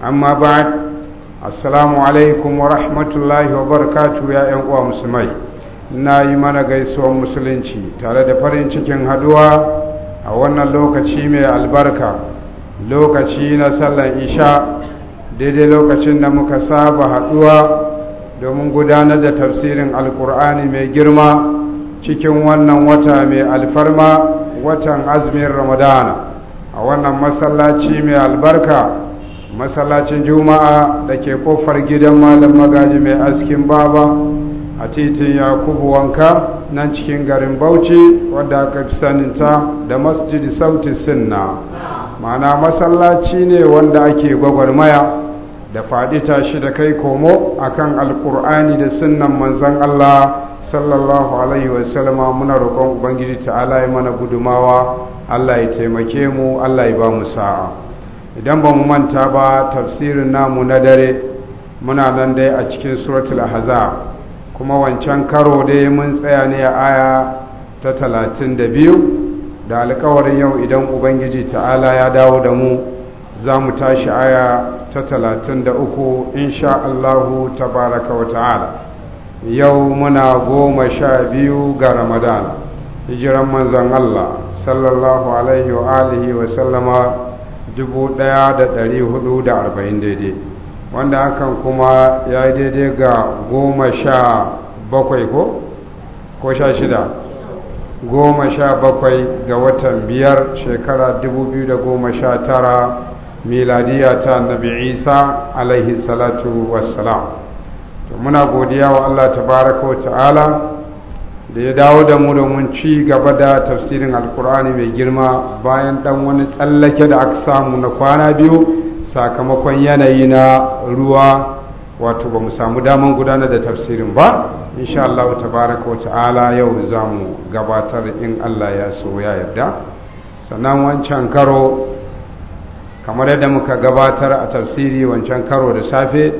amma ba assalamu alaikum wa rahmatullahi wa barakatu ya yan uwa musulmai na yi mana gaisuwan musulunci tare da farin cikin haduwa a wannan lokaci mai albarka lokaci na sallan isha daidai lokacin da muka saba haduwa domin gudanar da tafsirin alkur'ani mai girma cikin wannan wata mai alfarma watan azumin ramadana a wannan masallaci mai albarka masallacin juma'a da ke kofar gidan malam magaji mai askin baba a titin yakubu wanka nan cikin garin bauchi wadda aka fi saninta da masjidi sauti sinna mana masallaci ne wanda ake gwagwarmaya da faɗi shi da kai komo a akan alkur'ani da sunnan manzon allah sallallahu alaihi wasallama muna roƙon ubangiji ta'ala ya mana gudumawa allah ya taimake mu allah ya ba mu sa'a idan ba mu manta ba tafsirin namu na dare muna nan dai a cikin suratul ahzab kuma wancan karo dai mun tsaya ne a aya ta talatin da biyu da alkawarin yau idan ubangiji ta'ala ya dawo da mu za mu tashi aya ta talatin da uku insha allahu tabaraka wa ta'ala yau muna goma sha biyu ga ramadan hijiran manzon allah sallallahu alaihi wa alihi wa sallama arba'in daidai wanda hakan kuma ya yi daidai ga goma sha bakwai ko? ko sha shida goma sha bakwai ga watan biyar shekara da goma sha tara miladiya ta nabi isa alaihi salatu wassalam salam muna godiya wa allah baraka wa ta'ala da ya dawo da mu domin ci gaba da tafsirin alkur'ani mai girma bayan dan wani tsallake da aka samu na kwana biyu sakamakon yanayi na ruwa wato ba mu samu daman gudanar da tafsirin ba insha Allah tabaraka ta'ala yau za mu gabatar in Allah ya so ya yarda sannan wancan karo kamar yadda muka gabatar a tafsiri wancan karo da safe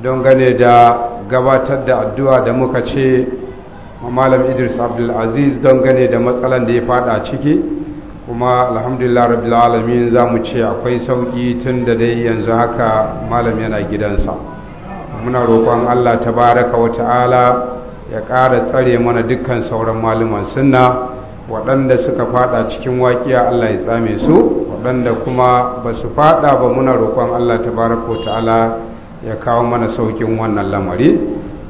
don gane da gabatar da addu'a da muka ce malam idris abdulaziz don gane da matsalan da ya fada ciki kuma alhamdulillah rabbil alamin za mu ce akwai sauki tun da dai yanzu haka malam yana gidansa muna roƙon allah tabaraka wa ta'ala ya ƙara tsare mana dukkan sauran malaman sunna waɗanda suka fada cikin waƙiya allah ya tsame su waɗanda kuma ba su fada ba muna roƙon allah tabaraka wa ta'ala ya kawo mana saukin wannan lamari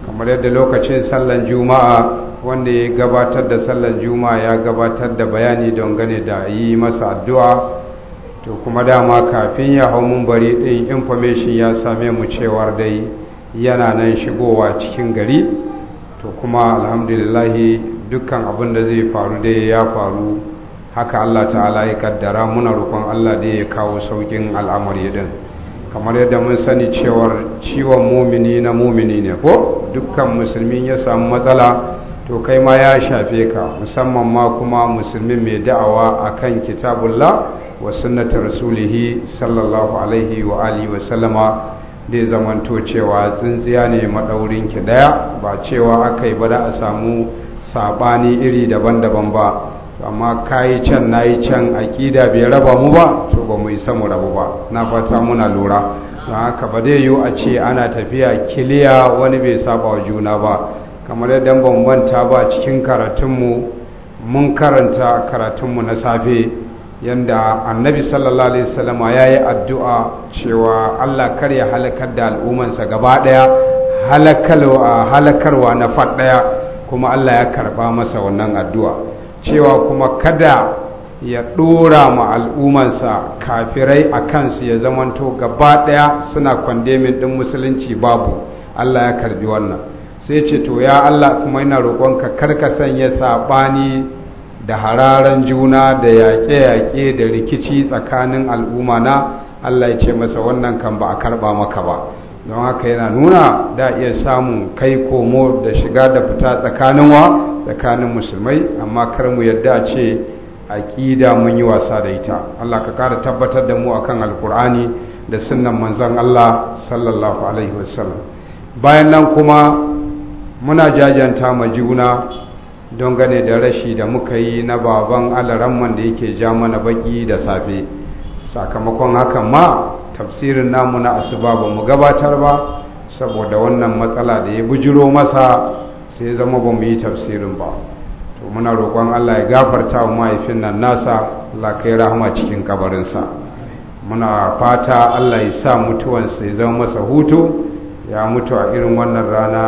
kamar yadda lokacin sallan juma'a wanda ya gabatar da sallan juma'a ya gabatar da bayani don gane da yi masa addu'a to kuma dama kafin ya hau mumbari ɗin information ya same mu cewar dai yana nan shigowa cikin gari to kuma alhamdulillah dukkan abin da zai faru dai ya faru haka Allah ta'ala ya kaddara muna roƙon Allah da ya kawo saukin al'amari din kamar yadda mun sani cewar ciwon mumini na mumini ne ko dukkan musulmi ya samu matsala to kai ma ya shafe ka musamman ma kuma musulmi mai da'awa a kan kitabullah wa sunnatar rasulihi sallallahu alaihi wa alihi wa sallama dai zamanto cewa tsintsiya ne maɗaurin ki ɗaya ba cewa aka yi ba a samu saɓani iri daban-daban ba amma ka yi can na yi can aƙida bai raba mu ba to ba mu isa mu rabu ba na fata muna lura don haka ba zai yiwu a ce ana tafiya kiliya wani bai saba wa juna ba kamar yadda bambanta ba cikin karatunmu mun karanta karatunmu na safe yadda annabi sallallahu alaihi wasallama ya yi addu'a cewa allah kar ya halakar da al'ummansa gaba ɗaya halakarwa na faɗaya ɗaya kuma allah ya karɓa masa wannan addu'a cewa kuma kada ya ɗora ma al'ummarsa kafirai a su ya zamanto gaba ɗaya suna kwandemin ɗin musulunci babu Allah ya karbi wannan sai ce to ya Allah kuma yana roƙonka karka sanya saɓani da hararan juna da yaƙe-yaƙe da rikici tsakanin al'umma na Allah ya ce masa wannan kan ba a karɓa maka ba don haka yana nuna da iya samun kai komo da shiga da fita tsakanin wa tsakanin musulmai amma kar mu yadda ce aqida mun yi wasa da ita Allah ka kara tabbatar da mu akan alkur'ani da sunnan manzon Allah sallallahu alaihi wasallam bayan nan kuma muna jajanta ma juna don gane da rashi da muka yi na baban alaramman da yake ja mana baki da safe sakamakon hakan ma tafsirin namu na asuba ba mu gabatar ba saboda wannan matsala da ya bujiro masa sai zama ba mu yi tafsirin ba to muna roƙon Allah ya gafarta wa mahaifin nan nasa Allah kai rahama cikin kabarinsa muna fata Allah ya sa mutuwansa ya zama masa hutu ya mutu a irin wannan rana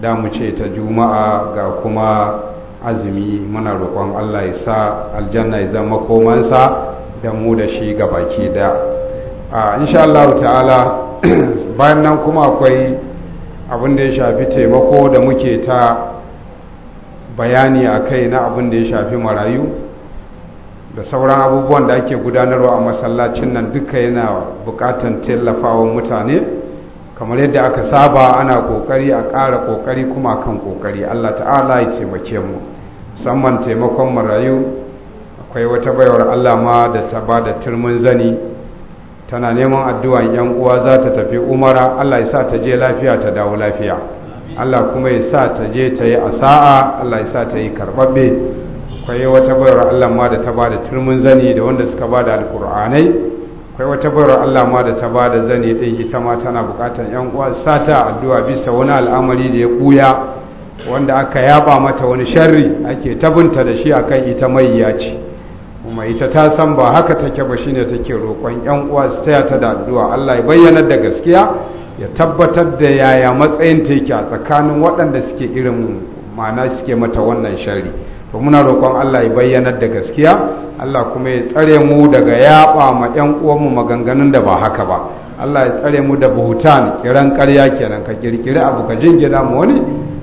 da mu ce ta juma'a ga kuma azumi muna roƙon Allah ya sa aljanna ya zama komansa da mu da shi ga baki da a insha Allah ta'ala bayan nan kuma akwai abin da ya shafi taimako da muke ta bayani a kai na abin da ya shafi marayu da sauran abubuwan da ake gudanarwa a masallacin nan duka yana bukatan tallafawa mutane kamar yadda aka saba ana kokari a ƙara kokari kuma kan kokari Allah ta'ala ya taimake mu musamman taimakon marayu akwai wata bayar Allah ma da ta ba da turmin zani tana neman addu'an yan uwa za ta tafi umara Allah ya sa ta je lafiya ta dawo lafiya Allah kuma ya sa ta je ta yi asa'a Allah ya sa ta yi karbabbe akwai wata bayar Allah ma da ta ba da turmin zani da wanda suka ba da alkur'anai akwai wata bayar Allah ma da ta ba da zani ɗin ita ma tana buƙatar yan uwa sa ta addu'a bisa wani al'amari da ya ɓuya wanda aka yaba mata wani sharri ake tabunta da shi akan ita mai ya ce kuma ita ta san ba haka take ba shine take roƙon yan uwa su taya ta da addu'a Allah ya bayyana da gaskiya ya tabbatar da yaya matsayin ta yake a tsakanin waɗanda suke irin mana suke mata wannan shari to muna roƙon Allah ya bayyanar da gaskiya Allah kuma ya tsare mu daga yaɓa ma ƴan uwanmu maganganun da ba haka ba Allah ya tsare mu da buhutan kiran ƙarya kenan ka kirkiri abu ka jingina mu wani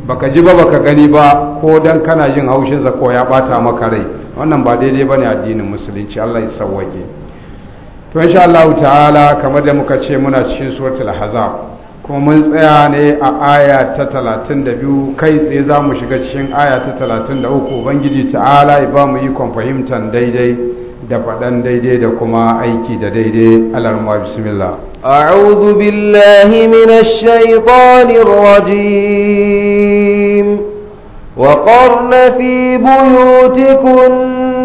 baka ji ba baka gani ba ko dan kana jin haushinsa ko ya ɓata maka rai wannan ba daidai bane addinin musulunci Allah ya sawwake to insha Allah ta'ala kamar da muka ce muna cikin suratul hazab kuma mun tsaya ne a aya ta 32 kai tsaye za mu shiga cikin aya ta 33 ubangiji ta'ala ya ba mu yi fahimtar daidai da faɗan daidai da kuma aiki da daidai alarma bismillah a'udhu billahi minash shaitanir rajim وقرن في بيوتكن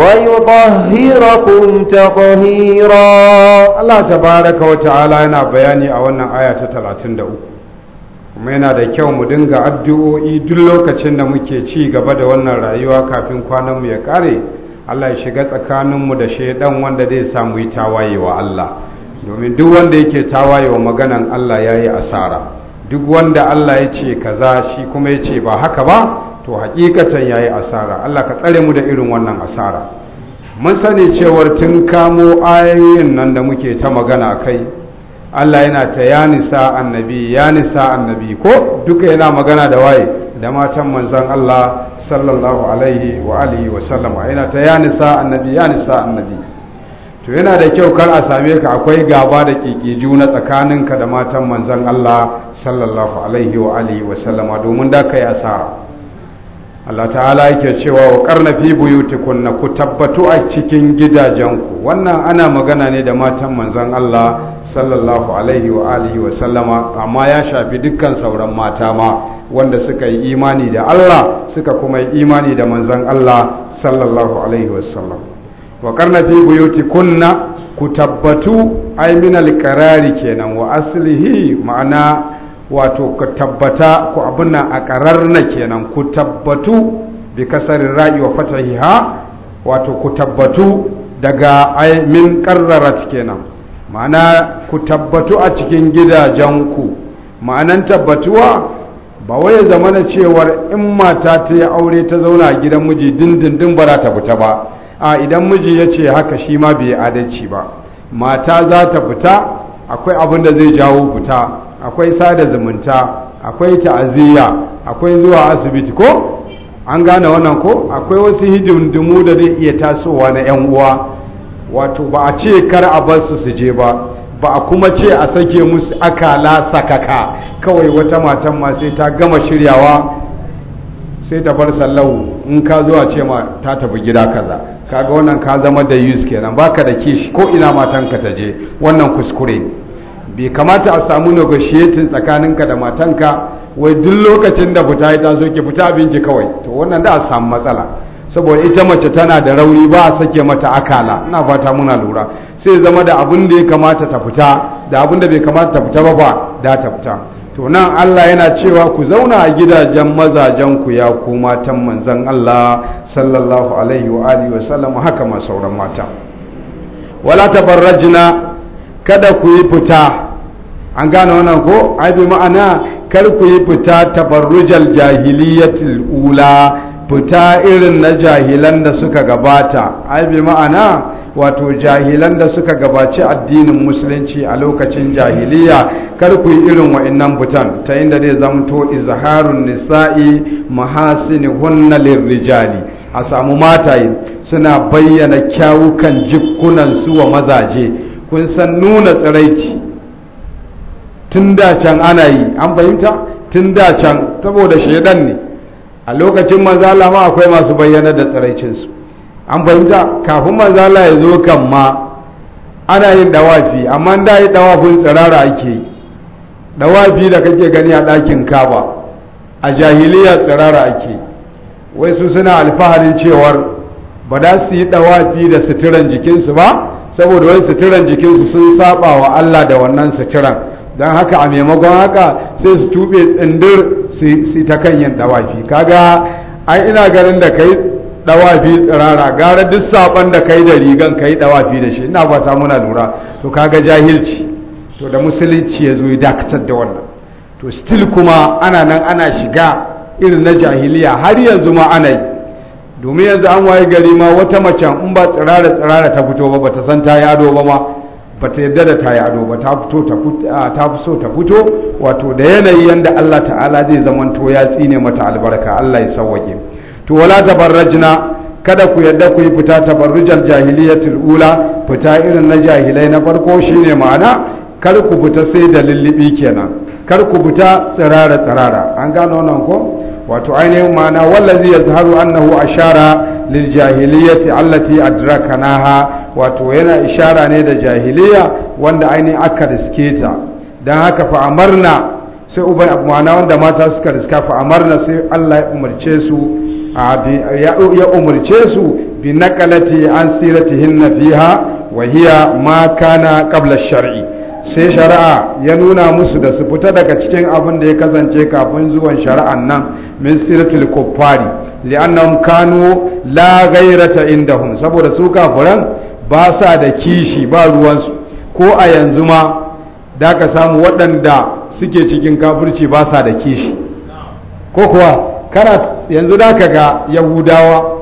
ويطهركم تطهيرا الله تبارك وتعالى yana bayani a wannan aya ta uku. kuma yana da kyau mu dinga addu'o'i duk lokacin da muke ci gaba da wannan rayuwa kafin kwanan mu ya kare Allah ya shiga tsakanin mu da shedan wanda zai samu yi tawaye wa Allah domin duk wanda yake tawaye wa maganan Allah yayi asara duk wanda Allah ya ce kaza shi kuma ya ce ba haka ba to hakikatan yayi asara Allah ka tsare mu da irin wannan asara mun sani cewar tun kamo ayoyin nan da muke ta magana kai Allah yana ta ya nisa annabi ya nisa annabi ko duka yana magana da waye da matan manzon Allah sallallahu alaihi wa alihi wa sallama yana ta ya nisa annabi ya nisa annabi to yana da kyau kar a same ka akwai gaba da kikiju na tsakaninka da matan manzon Allah sallallahu alaihi wa alihi wa sallama domin da kai asara Allah ta'ala yake cewa wa karna fi na ku tabbatu a cikin gidajenku wannan ana magana ne da matan manzon Allah sallallahu alaihi wa alihi wa sallama amma ya shafi dukkan sauran mata ma wanda suka yi imani da Allah suka kuma yi imani da manzon Allah sallallahu alaihi wa sallam wa karna fi buyutikunna ku tabbatu ay min qarari kenan wa aslihi ma'ana wato ku tabbata ku abin nan a na kenan ku tabbatu bi kasarin ra'i wa fatahiha wato ku tabbatu daga min ƙarrarat kenan ma'ana ku tabbatu a cikin gidajenku ma'anan tabbatuwa ba wai zama na cewar in mata ta yi aure ta zauna a gidan miji dindindin ba za ta fita ba a idan miji ya ce haka shi ma bai adalci ba mata za ta fita akwai abin da zai jawo fita akwai sada zumunta akwai ta'aziyya akwai zuwa asibiti ko an gane wannan ko akwai wasu hidindimu da zai iya tasowa na 'yan uwa wato ba a ce kar a bar su su je ba ba a kuma ce a sake musu akala sakaka kawai wata matan ma sai ta gama shiryawa sai ta bar sallahu in ka zuwa ce ma ta tafi gida kaza kaga wannan ka zama da yus kenan baka da kishi ko ina matanka ta je wannan kuskure bai kamata a samu negotiating tsakaninka da matanka wai duk lokacin da fita ya taso ki fita abinci kawai to wannan da a samu matsala saboda ita mace tana da rauni ba a sake mata akala ina fata muna lura sai zama da abin da ya kamata ta fita da abin da bai kamata ta fita ba ba da ta fita to nan Allah yana cewa ku zauna a gidajen mazajen ku ya ku matan manzon Allah sallallahu alaihi wa alihi wa sallam haka ma sauran mata wala tabarrajna kada ku yi fita an gane wannan ko ai ma'ana kar ku yi fita tabarrujal jahiliyatul ula fita irin na jahilan da suka gabata ai ma'ana wato jahilan da suka gabaci addinin musulunci a lokacin jahiliya kar ku yi irin wa'annan butan ta inda zai zamto izharun nisa'i mahasinihunna lirrijali a samu mataye suna bayyana kyawukan jikunan su wa mazaje kun san nuna tsiraici tun da can ana yi an fahimta tun da can saboda shaidan ne a lokacin manzala ma akwai masu bayyana da tsaraicinsu an fahimta kafin manzala ya zo kan ma ana yin dawafi amma da yi dawafin tsirara ake yi dawafi da kake gani a ɗakin kaba a jahiliya tsirara ake wai su suna alfaharin cewar ba da su yi dawafi da suturan jikinsu ba saboda wai suturan jikinsu sun saba wa Allah da wannan suturan don haka a maimakon haka sai su tube tsindir su ta yin dawafi kaga ai ina ganin da kai dawafi tsirara gara duk saban da kai da rigan kai dawafi da shi ina ta muna lura to kaga jahilci to da musulunci ya zo ya dakatar da wannan to still kuma ana nan ana shiga irin na jahiliya har yanzu ma ana yi domin yanzu an waye gari ma wata macen in ba tsirara tsirara ta fito ba ba ta san ta yado ba ma ba ta yarda da ta yi ado ba ta fito ta so ta fito wato da yanayi yanda Allah ta'ala zai zamanto ya tsine mata albarka Allah ya sawwake to wala tabarrajna kada ku yarda ku yi fita tabarrujar jahiliyatul ula fita irin na jahilai na farko shine ma'ana kar ku fita sai da lullubi kenan kar ku fita tsirara tsirara an gano nan ko wato ainihin ma'ana wallazi yazharu annahu ashara lil jahiliyati allati adrakanaha wato yana ishara ne da jahiliya wanda aini aka riske ta don haka fa'amarna sai uban abu wanda mata suka riska fa'amarna sai Allah ya umarce su ya umarce su bi naqalati an siratihinna fiha wa hiya ma kana kablar shari'i sai shari'a ya nuna musu da su fita daga cikin abin da ya kasance kafin zuwan shari'an nan min siratul kuffari li'annahum kanu la ghayrata indahum saboda su kafiran ba sa da kishi ba ruwansu ko a yanzu ma da ka samu waɗanda suke cikin kafirci ba sa da kishi ko kuwa kana yanzu da ka ga yahudawa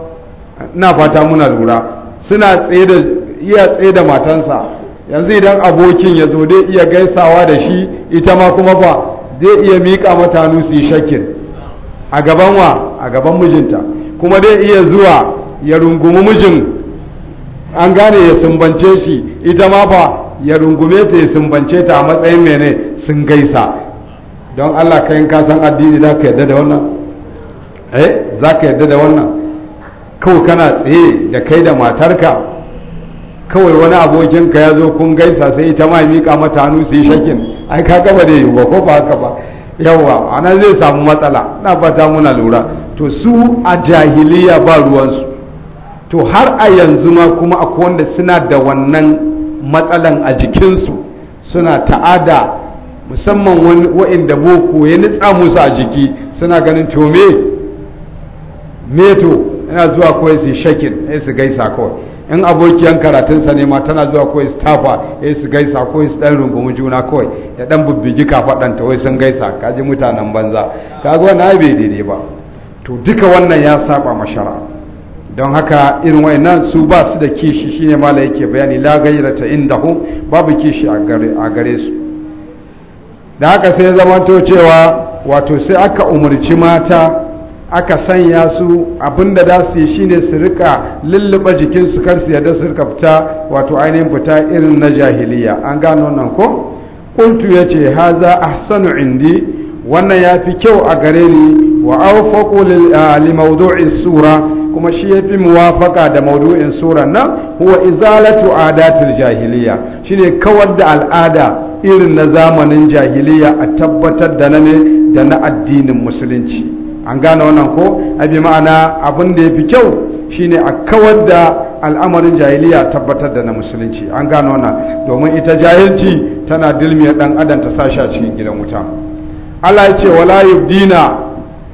na fata muna lura suna iya tsaye da matansa yanzu idan abokin ya zo dai iya gaisawa da shi ita ma kuma ba zai iya miƙa mata su yi a gaban wa a gaban mijinta kuma dai iya zuwa ya rungumi mijin an gane ya sumbance shi ita ma ba ya rungume ta ya sumbance ta a matsayin mene sun gaisa don Allah ka yin kasan addini za ka yarda da wannan eh za ka yarda da wannan kawai kana tsaye da kai da matarka kawai wani abokinka ya zo kun gaisa sai ita ma miƙa mata hannu su yi shakin ai ka gaba da yi ba ko ba haka ba yawa ana zai samu matsala na fata muna lura to su a jahiliya ba ruwansu to har a yanzu ma kuma akwai wanda suna da wannan matsalan a jikinsu suna ta'ada musamman wa'inda boko ya nitsa musu a jiki suna ganin to me meto yana zuwa kawai su shakin ya su gaisa kawai in abokiyan karatunsa ne ma tana zuwa kawai su tafa ya su gaisa kawai su dan rungumi juna kawai ya dan bubbigi kafaɗanta wai sun gaisa kaji mutanen banza kaga wannan bai daidai ba to duka wannan ya saba mashara don haka irin wayannan su ba su da kishi shine mala yake bayani la gairata indahum babu kishi a gare su da haka sai zamanto cewa wato sai aka umarci mata aka sanya su abinda da su yi shine su rika lulluɓa jikinsu kar su yarda su rika fita wato ainihin fita irin na jahiliya an gano nan ko kuntu ya ce haza ahsanu indi wannan ya fi kyau a gare ni wa aufaku ah, li sura kuma shi ya fi muwafaka da maudu'in surar nan huwa izalatu adatil jahiliya shine kawar da al'ada irin na zamanin jahiliya a tabbatar da na ne da na addinin musulunci an gane wannan ko abi ma'ana abin da ya fi kyau shine a kawar da al'amarin jahiliya tabbatar da na musulunci an gane wannan domin ita jahilci tana dilmiya dan adam ta sashi a cikin gidan wuta Allah ya ce wala yubdina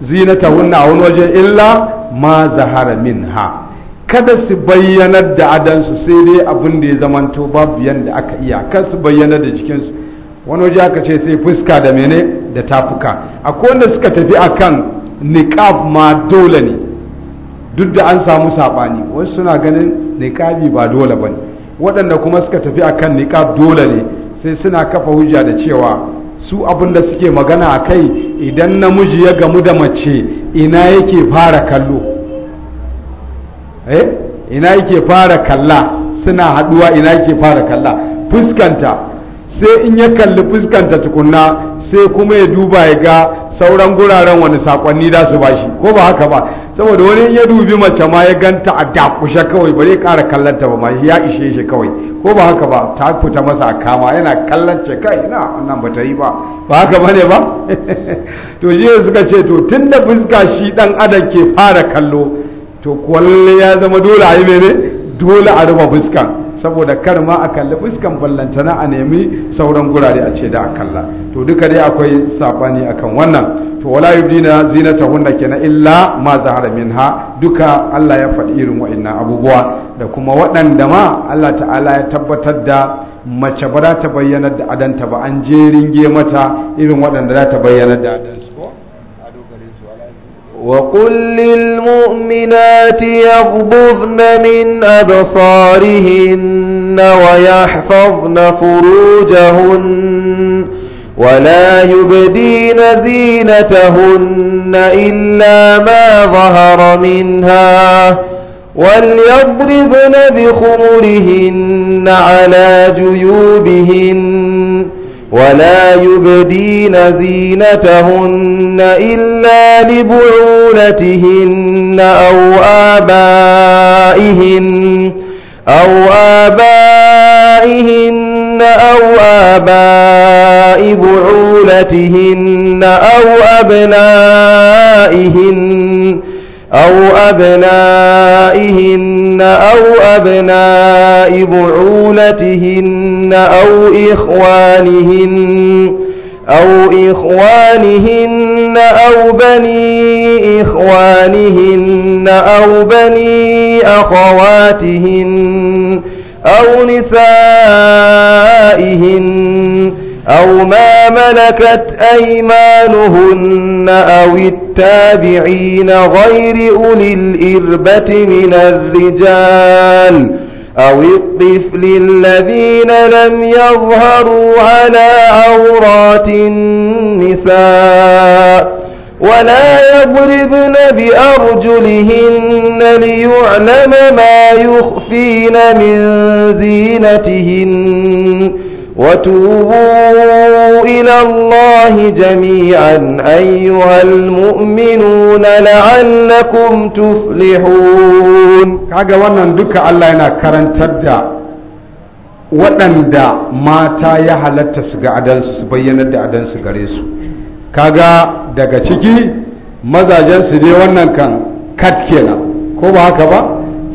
zinatahunna a wani waje illa ma zahara ha kada su bayyanar da adansu sai dai abin da ya zamanto babu yanda aka iya kan su bayyanar da jikinsu wani waje aka ce sai fuska da mene da tafuka akwai wanda suka tafi akan niqab ma dole ne duk da an samu saɓani wasu suna ganin niqabi ba dole ba ne waɗanda kuma suka tafi akan niqab dole ne sai suna kafa hujja da cewa su abin da suke magana a kai idan namiji ya gamu da mace ina yake fara kallo eh ina yake fara kalla suna haduwa ina yake fara kalla fuskanta sai in ya kalli fuskanta tukunna sai kuma ya duba ya ga sauran guraren wani sakonni da su bashi ko ba haka ba saboda wani ya dubi mace ma ya ganta a dakushe kawai bare kara kallanta ba ma ya ishe shi kawai ko ba haka ba ta fita masa a kama yana kallance kai na wannan ba ta yi ba ba haka ba ne ba to shi suka ce to tun da fuska shi dan adam ke fara kallo to kwalle ya zama dole a yi mene dole a rufe fuskan saboda kar ma a kalli fuskan ballantana a nemi sauran gurare a ce da a kalla to duka dai akwai sabani akan wannan to wala yubdina hunna kana illa ma zahara minha duka Allah ya faɗi irin wa'annan abubuwa da kuma waɗanda ma Allah ta'ala ya tabbatar da mace ba za ta bayyana da adanta ba an je ringe mata irin waɗanda za ta bayyana da adanta وقل للمؤمنات يغضضن من أبصارهن ويحفظن فروجهن ولا يبدين زينتهن إلا ما ظهر منها وليضربن بخمرهن على جيوبهن ولا يبدين زينتهن إلا لبعولتهن أو آبائهن أو آبائهن أو آباء بعولتهن أو أبنائهن أو أبنائهن أو أبناء بعولتهن أو إخوانهن أو إخوانهن أو بني إخوانهن أو بني أخواتهن أو نسائهن أو ما ملكت أيمانهن أو التقوى التابعين غير أولي الإربة من الرجال أو الطفل الذين لم يظهروا على عورات النساء ولا يضربن بأرجلهن ليعلم ما يخفين من زينتهن وتوبوا إلى الله جميعا أيها المؤمنون لعلكم تفلحون kaga wannan duka Allah yana karantar da waɗanda mata ya halatta su ga da adansu gare su kaga daga ciki mazajen su dai wannan kan kat kenan ko ba haka ba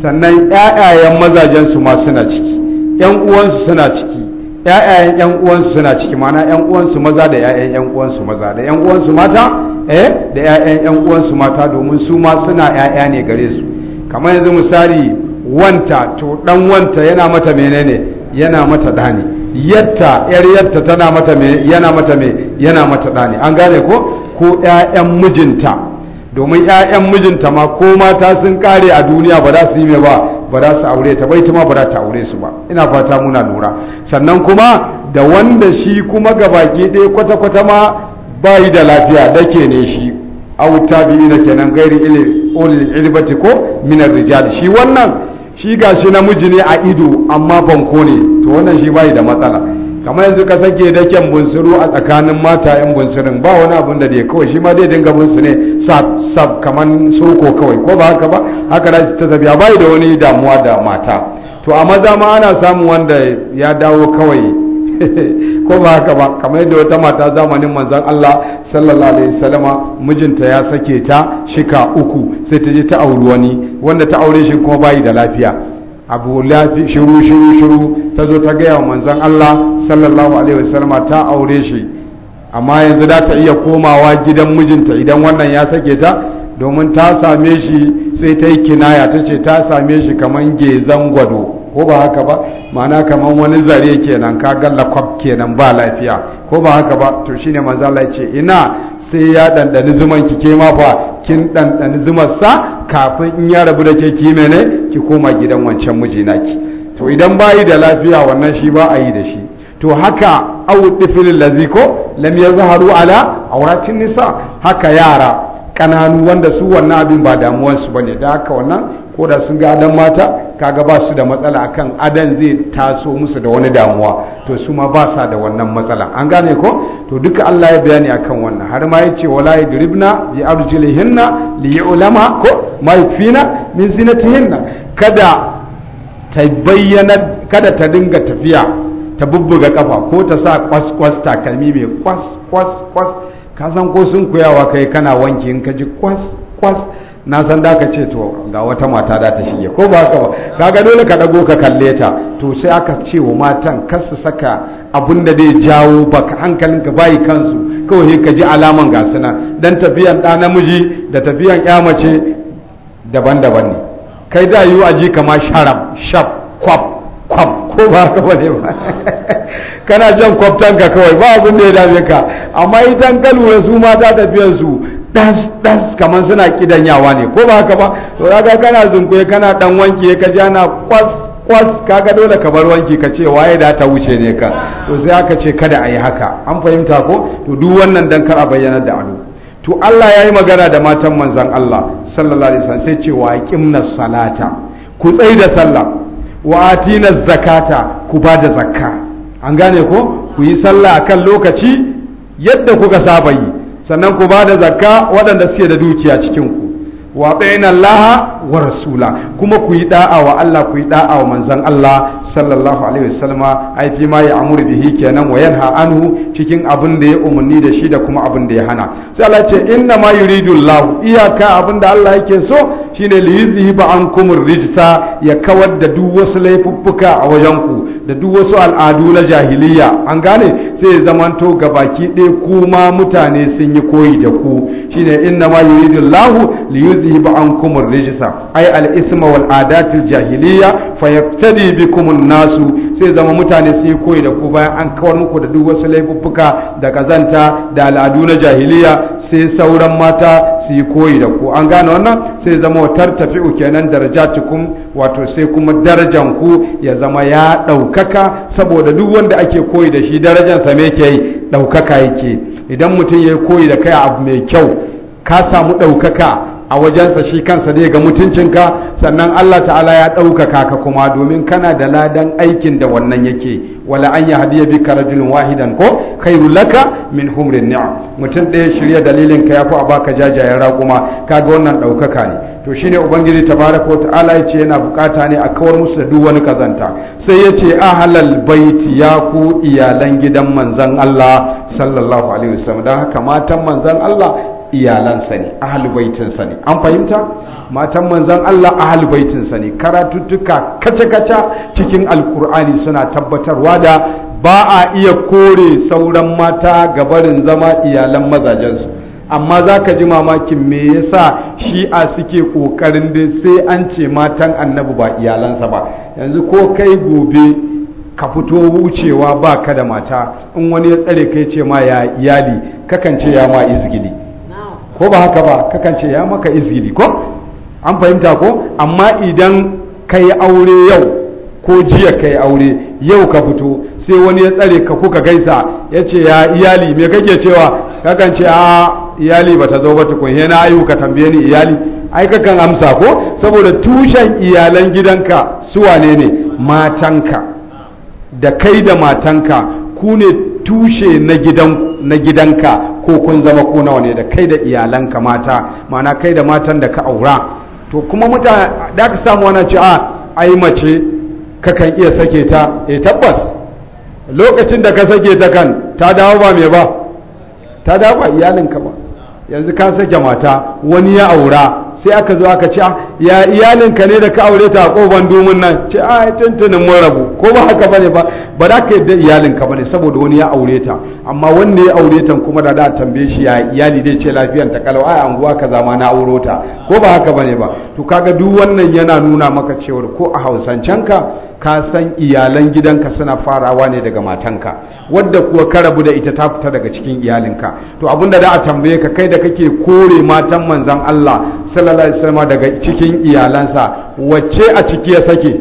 sannan ƴaƴayen mazajensu ma suna ciki 'yan uwansu suna ciki ƴaƴayen ƴan uwansu suna ciki mana ƴan uwansu maza da ƴaƴan ƴan uwansu maza da ƴan uwansu mata eh da ƴaƴan ƴan uwansu mata domin su ma suna ƴaƴa ne gare su kamar yanzu misali wanta to dan wanta yana mata menene yana mata dani yatta yar yatta tana mata me yana mata me yana mata dani an gane ko ko ƴaƴan mijinta domin yayan mijinta ma ko mata sun kare a duniya ba za su yi me ba ba za su aure ta bai ita ma ba za ta aure su ba ina fata muna lura sannan kuma da wanda shi kuma gabaki ɗaya kwata-kwata ma yi da lafiya da ke ne shi auta biyu na kenan gairi ilibati ko minar rijal shi wannan shi gashi namiji ne a ido amma banko ne to wannan shi bai da matsala kamar yanzu ka sake daken bunsuru a tsakanin mata yan bunsurin ba wani abin da dai kawai shi ma dai dinga bunsu ne sab sab kamar soko kawai ko ba haka ba haka da ta tafiya bai da wani damuwa da mata to a maza ma ana samun wanda ya dawo kawai ko ba haka ba kamar yadda wata mata zamanin manzon Allah sallallahu alaihi wasallama mijinta ya sake ta shika uku sai ta je ta auri wani wanda ta aure shi kuma bai da lafiya abu lati shiru shiru shiru ta zo ta gaya wa manzan Allah sallallahu alaihi wasallam ta aure shi amma yanzu da ta iya komawa gidan mijinta idan wannan ya sake ta domin ta same shi sai ta yi kinaya ta ce ta same shi kaman gezan gwado ko ba haka ba ma'ana kaman wani zare kenan ka galla kwaf kenan ba lafiya ko ba haka ba to shine ne Allah ya ce ina sai ya ɗanɗani zuman ki ke ma fa kin ɗanɗani zumarsa kafin in ya rabu da ke ki mene ki koma gidan wancan miji ki to idan bayi da lafiya wannan shi ba a yi da shi to haka awu tifilin laziko lam zaharu ala auratin nisa haka yara ƙananu wanda su wannan abin ba damuwansu ne da haka wannan ko da sun ga adan mata kaga ba su da matsala akan adan zai taso musu da wani damuwa to su ma ba sa da wannan matsala an gane ko to duka Allah ya bayani akan wannan har ma yace wala yadribna bi arjulihinna li yu'lama ko ma yufina min zinatihinna kada ta bayyana kada ta dinga tafiya ta bubbuga kafa ko ta sa kwas kwas takalmi mai kwas kwas kwas ka san ko sun kuyawa kai kana wanki in ka ji kwas kwas na san da ka ce to ga wata mata da ta shige ko ba haka ba kaga dole ka dago ka kalle ta to sai aka ce wa matan kar su saka abun zai jawo baka hankalinka bayi kansu kawai ka ji alaman gasuna dan tafiyan ɗa namiji da tafiyan ya mace daban-daban ne kai da yiwu aji kama sharab shab kwaf kwaf ko ba ka bane ba kana jan kwaftanka kawai ba abin da ya dame ka amma idan ka lura su mata tafiyan su das das kamar suna kidanyawa ne ko ba haka ba to kaga kana zunkuye kana dan wanki ka ji ana kwas kwas kaga dole ka bar wanki ka ce waye da ta wuce ne ka to sai aka ce kada a yi haka an fahimta ko to duk wannan dan kar a bayyanar da ado to Allah ya yi magana da matan manzan Allah sallallahu alaihi wasallam sai ce wa aqimna salata ku tsai da sallah wa atina zakata ku ba da zakka an gane ko ku yi sallah kan lokaci yadda kuka saba yi sannan ku ba da zakka waɗanda suke da dukiya cikin ku wa bainallaha wa rasula kuma ku yi da'a wa Allah ku yi da'a wa manzan Allah sallallahu alaihi wasallam ai fi ma ya'muru bihi kenan wa yanha anhu cikin abin da ya umarni da shi da kuma abin da ya hana sai Allah ce inna ma yuridu Allah iyaka abin da Allah yake so shine li yuzhiba ankum rijsa ya kawar da duk wasu laifuffuka a wajen ku da duk wasu al'adu na jahiliya an gane sai ya zamanto gabaki ɗaya kuma mutane sun yi koyi da ku shine inna ma yuridu Allahu li yuzhiba ankum ar-rijsa ay al-isma wal adatil jahiliya fayaftadi bikum an-nasu sai zama mutane sun yi koyi da ku bayan an kawar muku da duk wasu laifuffuka da kazanta da al'adu na jahiliya sai sauran mata su yi koyi da ku an gane wannan sai zama wa tartafi'u kenan darajatukum wato sai kuma darajan ku ya zama ya ɗaukaka saboda duk wanda ake koyi da shi darajan sa me ke yi ɗaukaka yake idan mutum ya koyi da kai abu mai kyau ka samu ɗaukaka a wajensa shi kansa zai ga mutuncinka sannan Allah ta'ala ya ɗaukaka ka kuma domin kana da ladan aikin da wannan yake wala an ya hadiya bi rajulun wahidan ko khairu laka min humrin ni'am mutum ɗaya shirya dalilin ka yafi a baka jajayen raƙuma kaga wannan ɗaukaka ne to shine ubangiji tabaraka wa ta'ala yace yana bukata ne a kawar musu da duk wani kazanta sai yace ahlal baiti ya ku iyalan gidan manzon Allah sallallahu alaihi wasallam dan haka matan manzon Allah iyalansa ne ahal ne an fahimta matan manzan Allah ahal ne karatuttuka kaca-kaca cikin alkur'ani suna tabbatarwa da ba a iya kore sauran mata ga barin zama iyalan mazajensu amma za ka ji mamakin me yasa shi'a suke kokarin da sai an ce matan annabi ba iyalansa ba yanzu ko kai gobe ka fito wucewa ba ka da mata in wani ya tsare ka ce ma ya iyali kakan ce ya ma izgili ko ba haka ba kakan ce ya maka izini ko an fahimta ko amma idan ka yi aure yau ko jiya ka yi aure yau ka fito sai wani ya tsare ka kuka gaisa ya ce ya iyali me kake cewa kakan ce a iyali ba ta zo ba tukun ya na ka tambaye ni iyali ai kakan amsa ko saboda tushen iyalan gidanka su wane ne matanka da kai da matanka ku ne tushe na gidanku na gidanka ko kun zama ko nawa ne da kai da iyalanka mata mana kai da matan da ka aura to kuma mutane da ka samu wani ce a ah, ai mace kakan iya sake ta e tabbas lokacin da ka sake ta kan ta dawo ba mai ba ta dawo ba iyalinka ba yanzu ka sake mata wani ya aura sai aka zo aka ce ah, ya iyalinka ne da ka aure ta a domin nan ce a ah, tuntunin mun rabu ko ba haka bane ba ba za ka yadda iyalinka bane saboda wani ya aure ta amma wanda ya aure ta kuma da da tambaye shi ya iyali dai ce lafiyan ta kalau ai anguwa ka zama na auro ta ko ba haka bane ba to kaga duk wannan yana nuna maka cewa ko a hausancen ka. ka san iyalan gidanka suna farawa ne daga matanka wadda kuwa ka rabu da ita ta fita daga cikin iyalinka to abinda da a tambaye ka kai da kake kore matan manzan Allah sallallahu alaihi wasallam daga cikin iyalansa wacce a ciki ya sake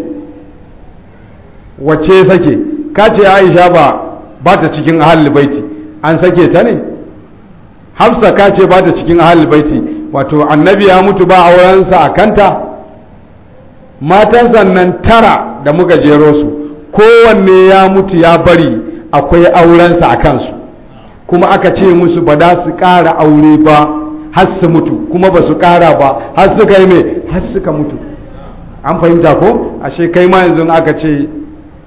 wacce sake ka ce Aisha ba ba ta cikin ahlul baiti an sake ta ne Hafsa ka ce ba ta cikin ahlul baiti wato annabi ya mutu ba aurensa a kanta matan zannan tara da muka jero su kowanne ya mutu ya bari akwai aurensa a kansu kuma aka ce musu ba da su ƙara aure ba har su mutu kuma ba su ƙara ba har suka yi mai har suka mutu an fahimta ko ashe kai ma yanzu aka ce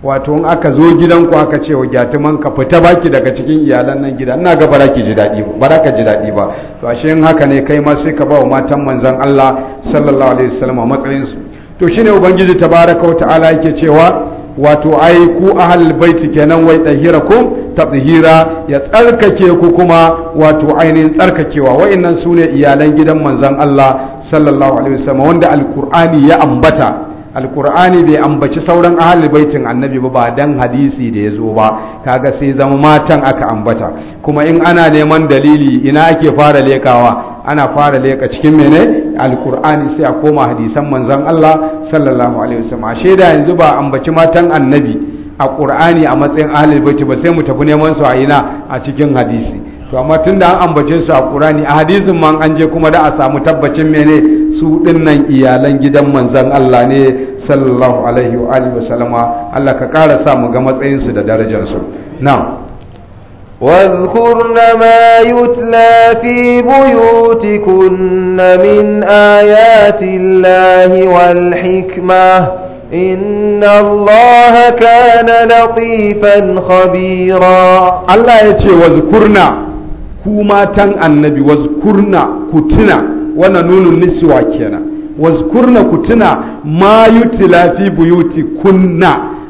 wato in aka zo gidanku aka ce wa gyatuman ka fita baki daga cikin iyalan nan gida ina ga ba ki ji daɗi ba za ka ji daɗi ba to ashe in haka ne kai ma sai ka ba wa matan manzon Allah sallallahu alaihi wasallam matsayin su to shine ubangiji tabaraka wa ta'ala yake cewa wato ai ku ahal baiti kenan wai kum tabhira ya tsarkake ku kuma wato ainihin tsarkakewa wa'annan sune iyalan gidan manzon Allah sallallahu alaihi wasallam wanda alqur'ani ya ambata alqur'ani bai ambaci sauran ahal baitin annabi ba dan hadisi da ya zo ba kaga sai zama matan aka ambata kuma in ana neman dalili ina ake fara lekawa ana fara leka cikin mene alkur'ani sai a koma hadisan manzon Allah sallallahu alaihi wasallam a shaida yanzu ba ambaci matan annabi a qur'ani a matsayin ahlul baiti ba sai mu tafi neman su a ina a cikin hadisi to amma tunda an ambace su a qur'ani a hadisin man an je kuma da a samu tabbacin mene su dinnan iyalan gidan manzon Allah ne sallallahu alaihi wa alihi wasallama Allah ka ƙara sa mu ga matsayin su da darajar su na'am واذكرن ما يتلى في بيوتكن من آيات الله والحكمة إن الله كان لطيفا خبيرا الله يتي واذكرن كما تن النبي واذكرن كتنا وانا نون النسوة كينا واذكرن كتنا ما يتلى في بيوتكن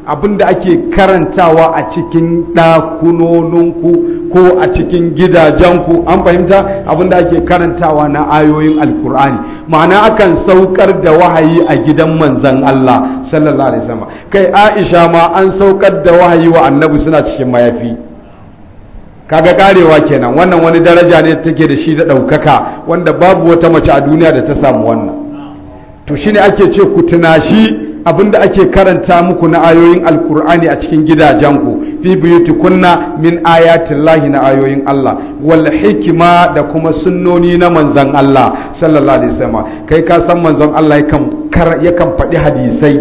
abinda ake karantawa a cikin ɗakunoninku ko a cikin gidajenku an fahimta abinda ake karantawa na ayoyin alkur'ani ma'ana akan saukar da wahayi a gidan manzan Allah sallallahu alaihi wasallam kai Aisha ma an saukar da wahayi wa annabi suna cikin mayafi kaga karewa kenan wannan wani daraja ne take da shi da ɗaukaka wanda babu wata mace a duniya da ta samu wannan to shine ake ce ku tunashi abinda ake karanta muku na ayoyin alkur'ani a cikin gidajenku fi tukunna min ayatin lahi na ayoyin Allah wal hikima da kuma sunnoni na manzan Allah sallallahu alaihi wasallam kai ka san manzon Allah yakan yakan faɗi hadisai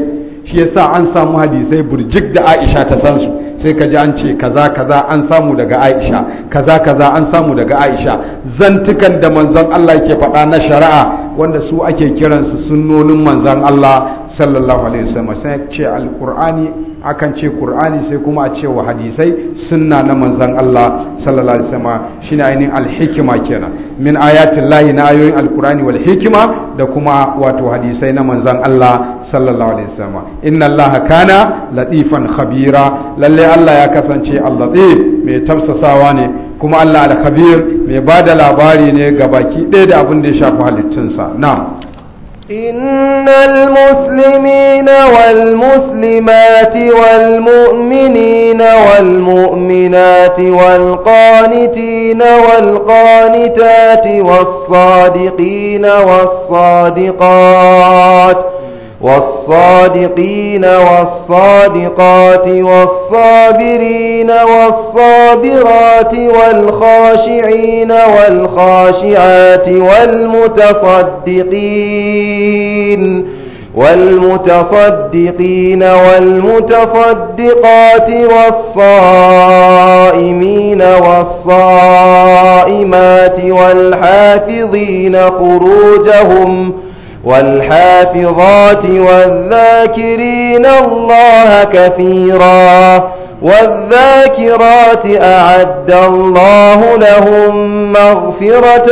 shi yasa an samu hadisai burjik da Aisha ta san su sai ka ji an ce kaza kaza an samu daga Aisha kaza kaza an samu daga Aisha zantukan da manzon Allah yake faɗa na shari'a wanda su ake kiransu sunnonin manzon Allah sallallahu alaihi wasallam sai ce alqur'ani akan ce qur'ani sai kuma a ce wa hadisai sunna na manzon Allah sallallahu alaihi wasallam shine ainihin alhikima kenan min ayatin lahi na ayoyin alqur'ani wal hikma da kuma wato hadisai na manzon Allah sallallahu alaihi wasallam inna Allah kana latifan khabira lalle Allah ya kasance al-latif mai tafsasawa ne kuma Allah al-khabir mai bada labari ne ga baki ɗaya da abin da ya shafi halittunsa na'am إن المسلمين والمسلمات والمؤمنين والمؤمنات والقانتين والقانتات والصادقين والصادقات والصادقين والصادقات والصابرين والصابرات والخاشعين والخاشعات والمتصدقين والمتصدقين والمتصدقات والصائمين والصائمات والحافظين خروجهم والحافظات والذاكرين الله كثيرا والذاكرات أعد الله لهم مغفرة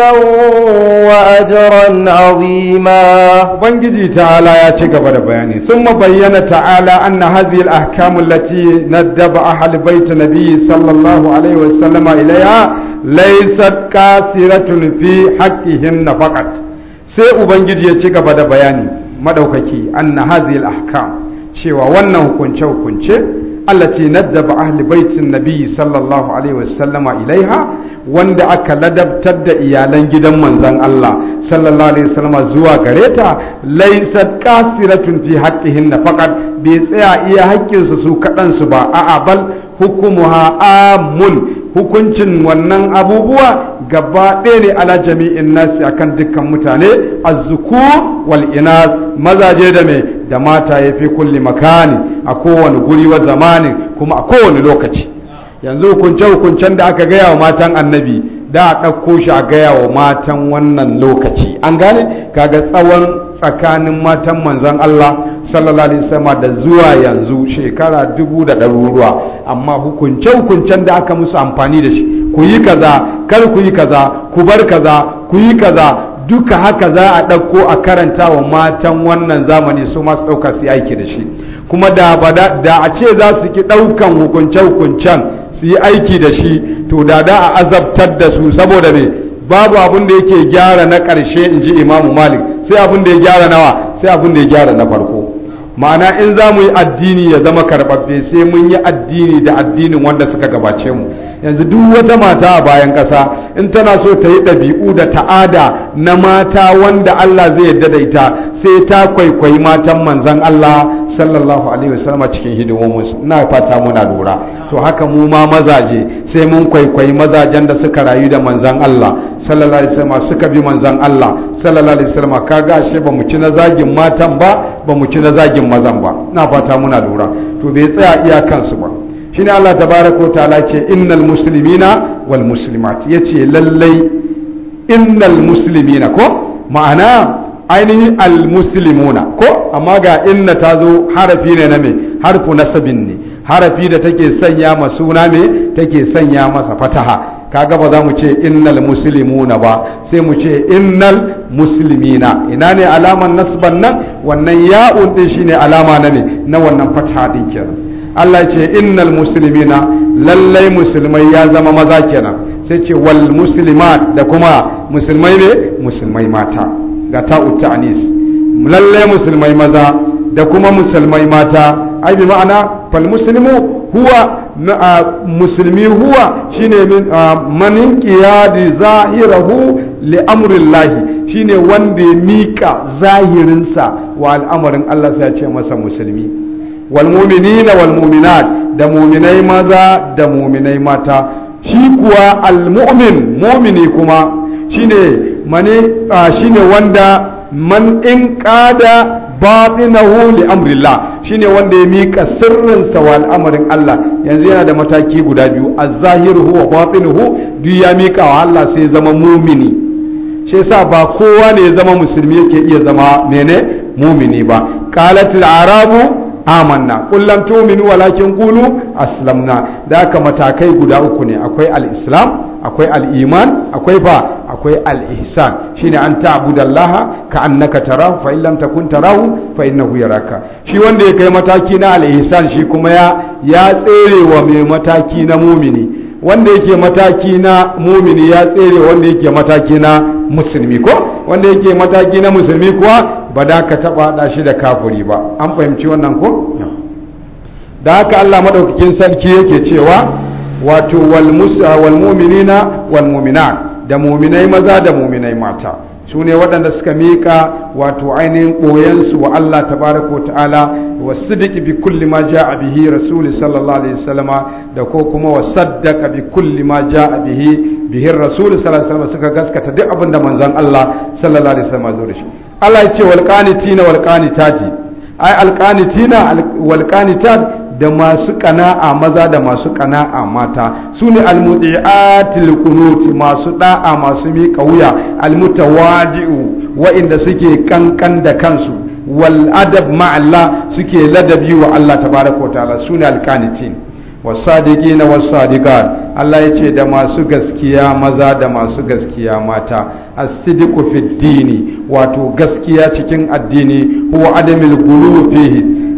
وأجرا عظيما بنجي تعالى يا تكبر بياني ثم بين تعالى أن هذه الأحكام التي ندب أهل بيت النبي صلى الله عليه وسلم إليها ليست كاسرة في حقهم فقط sai ubangiji ya ci gaba da bayani madaukaki an hadhihi al-ahkam cewa wannan hukunce hukunce Allah allati nadaba ahli baitin Nabiyyu sallallahu alaihi wasallama ilaiha wanda aka ladabtar da iyalan gidan manzon Allah sallallahu alaihi wasallama zuwa gare ta laysat qasiratun fi haqqihin faqat bai tsaya iya haƙƙinsu su kaɗan su ba a'a bal hukumuha amun hukuncin wannan abubuwa gaba ɗaya ne ala jami'in nasi akan dukkan mutane a wal inas mazaje da mai da mata ya fi kulli makani a kowane guri wa zamanin kuma a kowane lokaci yanzu hukunce hukuncen da aka gaya wa matan annabi da a ɗauko shi a gaya wa matan wannan lokaci an gane kaga tsawon tsakanin matan manzon Allah sallallahu alaihi wasallam da zuwa yanzu shekara dubu da ɗaruruwa amma hukunce hukuncen da aka musu amfani da shi ku yi kaza kar ku yi kaza ku bar kaza ku yi kaza duka haka za a ɗauko a karanta wa matan wannan zamani su masu ɗauka su aiki da shi kuma da da a ce za su ki ɗaukan hukunce hukuncen su yi aiki da shi to da da a azabtar da su saboda me babu abin da yake gyara na ƙarshe in ji imamu malik sai abin da ya gyara nawa sai abin da ya gyara na farko ma'ana in za mu yi addini ya zama karɓaɓɓe sai mun yi addini da addinin wanda suka gabace mu yanzu duk wata mata a bayan ƙasa in tana so ta yi ɗabi'u da ta'ada na mata wanda Allah zai yarda da ita sai ta kwaikwayi matan manzan Allah sallallahu alaihi wasallam cikin hidimomin na fata muna lura to haka mu ma mazaje sai mun kwaikwayi mazajen da suka rayu da manzan Allah sallallahu alaihi wasallam suka bi manzan Allah sallallahu alaihi wasallam kaga ashe ba mu ci na zagin matan ba ba mu ci na zagin mazan ba na fata muna lura to bai tsaya iya kansu ba shine Allah tabaraka wa ta'ala ce innal muslimina wal muslimat yace lallai innal muslimina ko ma'ana ainihin al muslimuna ko amma ga inna tazo harafi ne na me harfu nasabin ne harafi da take sanya ma suna me take sanya masa fataha kaga ba za mu ce innal muslimuna ba sai mu ce innal muslimina ina ne alaman nasban nan wannan ya'un din shine alama na ne na wannan fatha din kenan Allah ya ce innal muslimina lallai musulmai ya zama maza kenan sai ce wal muslimat da kuma musulmai ne musulmai mata ga ta'ut ta'anis lallai musulmai maza da kuma musulmai mata ai bi ma'ana fal muslimu huwa musulmi huwa shine manin qiyadi zahirahu li amrillahi shine wanda ya mika zahirinsa wa al'amarin Allah sai ya ce masa musulmi wal mu'minina da mu'minai maza da mu'minai mata shi kuwa al mu'min mu'mini kuma shine shine wanda man ƙada. batinahu li amrillah shine wanda ya mika sirrin sa wa al'amarin Allah yanzu yana da mataki guda biyu az zahiru wa batinuhu duk ya mika wa Allah sai zama mumini shi yasa ba kowa ne ya zama musulmi yake iya zama mene mumini ba qalatil arabu amanna qul lam tu'minu walakin qulu aslamna da haka matakai guda uku ne akwai al-islam akwai al-iman akwai ba akwai al'isan shi ne an ta'budallaha ka annaka tarahu fa in lam takun tarahu fa innahu yaraka shi wanda ya kai mataki na al'isan shi kuma ya ya tsere wa mai mataki na mumini wanda yake mataki na mumini ya tsere wanda yake mataki na musulmi ko wanda yake mataki na musulmi kuwa ba da ka taba da shi da kafuri ba an fahimci wannan ko da haka Allah madaukakin sarki yake cewa wato wal mu'minina wal mu'minat da muminai maza da muminai mata su ne waɗanda suka miƙa wato ainihin ɓoyensu wa Allah tabaraka ta'ala wa sidiki bi kulli ma ja'a bihi rasuli sallallahu alaihi wasallama da ko kuma wa saddaka bi kulli ma ja'a bihi bihi rasuli sallallahu alaihi wasallama suka gaskata duk abin da manzon Allah sallallahu alaihi wasallama zo da shi Allah ya ce wal qanitina wal qanitati ai al qanitina wal qanitat da masu kana'a maza da masu kana'a mata su ne almuti'atil kunuti masu da'a masu miƙa wuya almutawadi'u wa'inda suke kankan da kansu wal adab ma'alla suke ladabi wa Allah tabaraka wa ta'ala su ne alkanitin wasadiki na wasadiqat Allah ya ce da masu gaskiya maza da masu gaskiya mata a sidqu fi dini wato gaskiya cikin addini huwa adamil gulu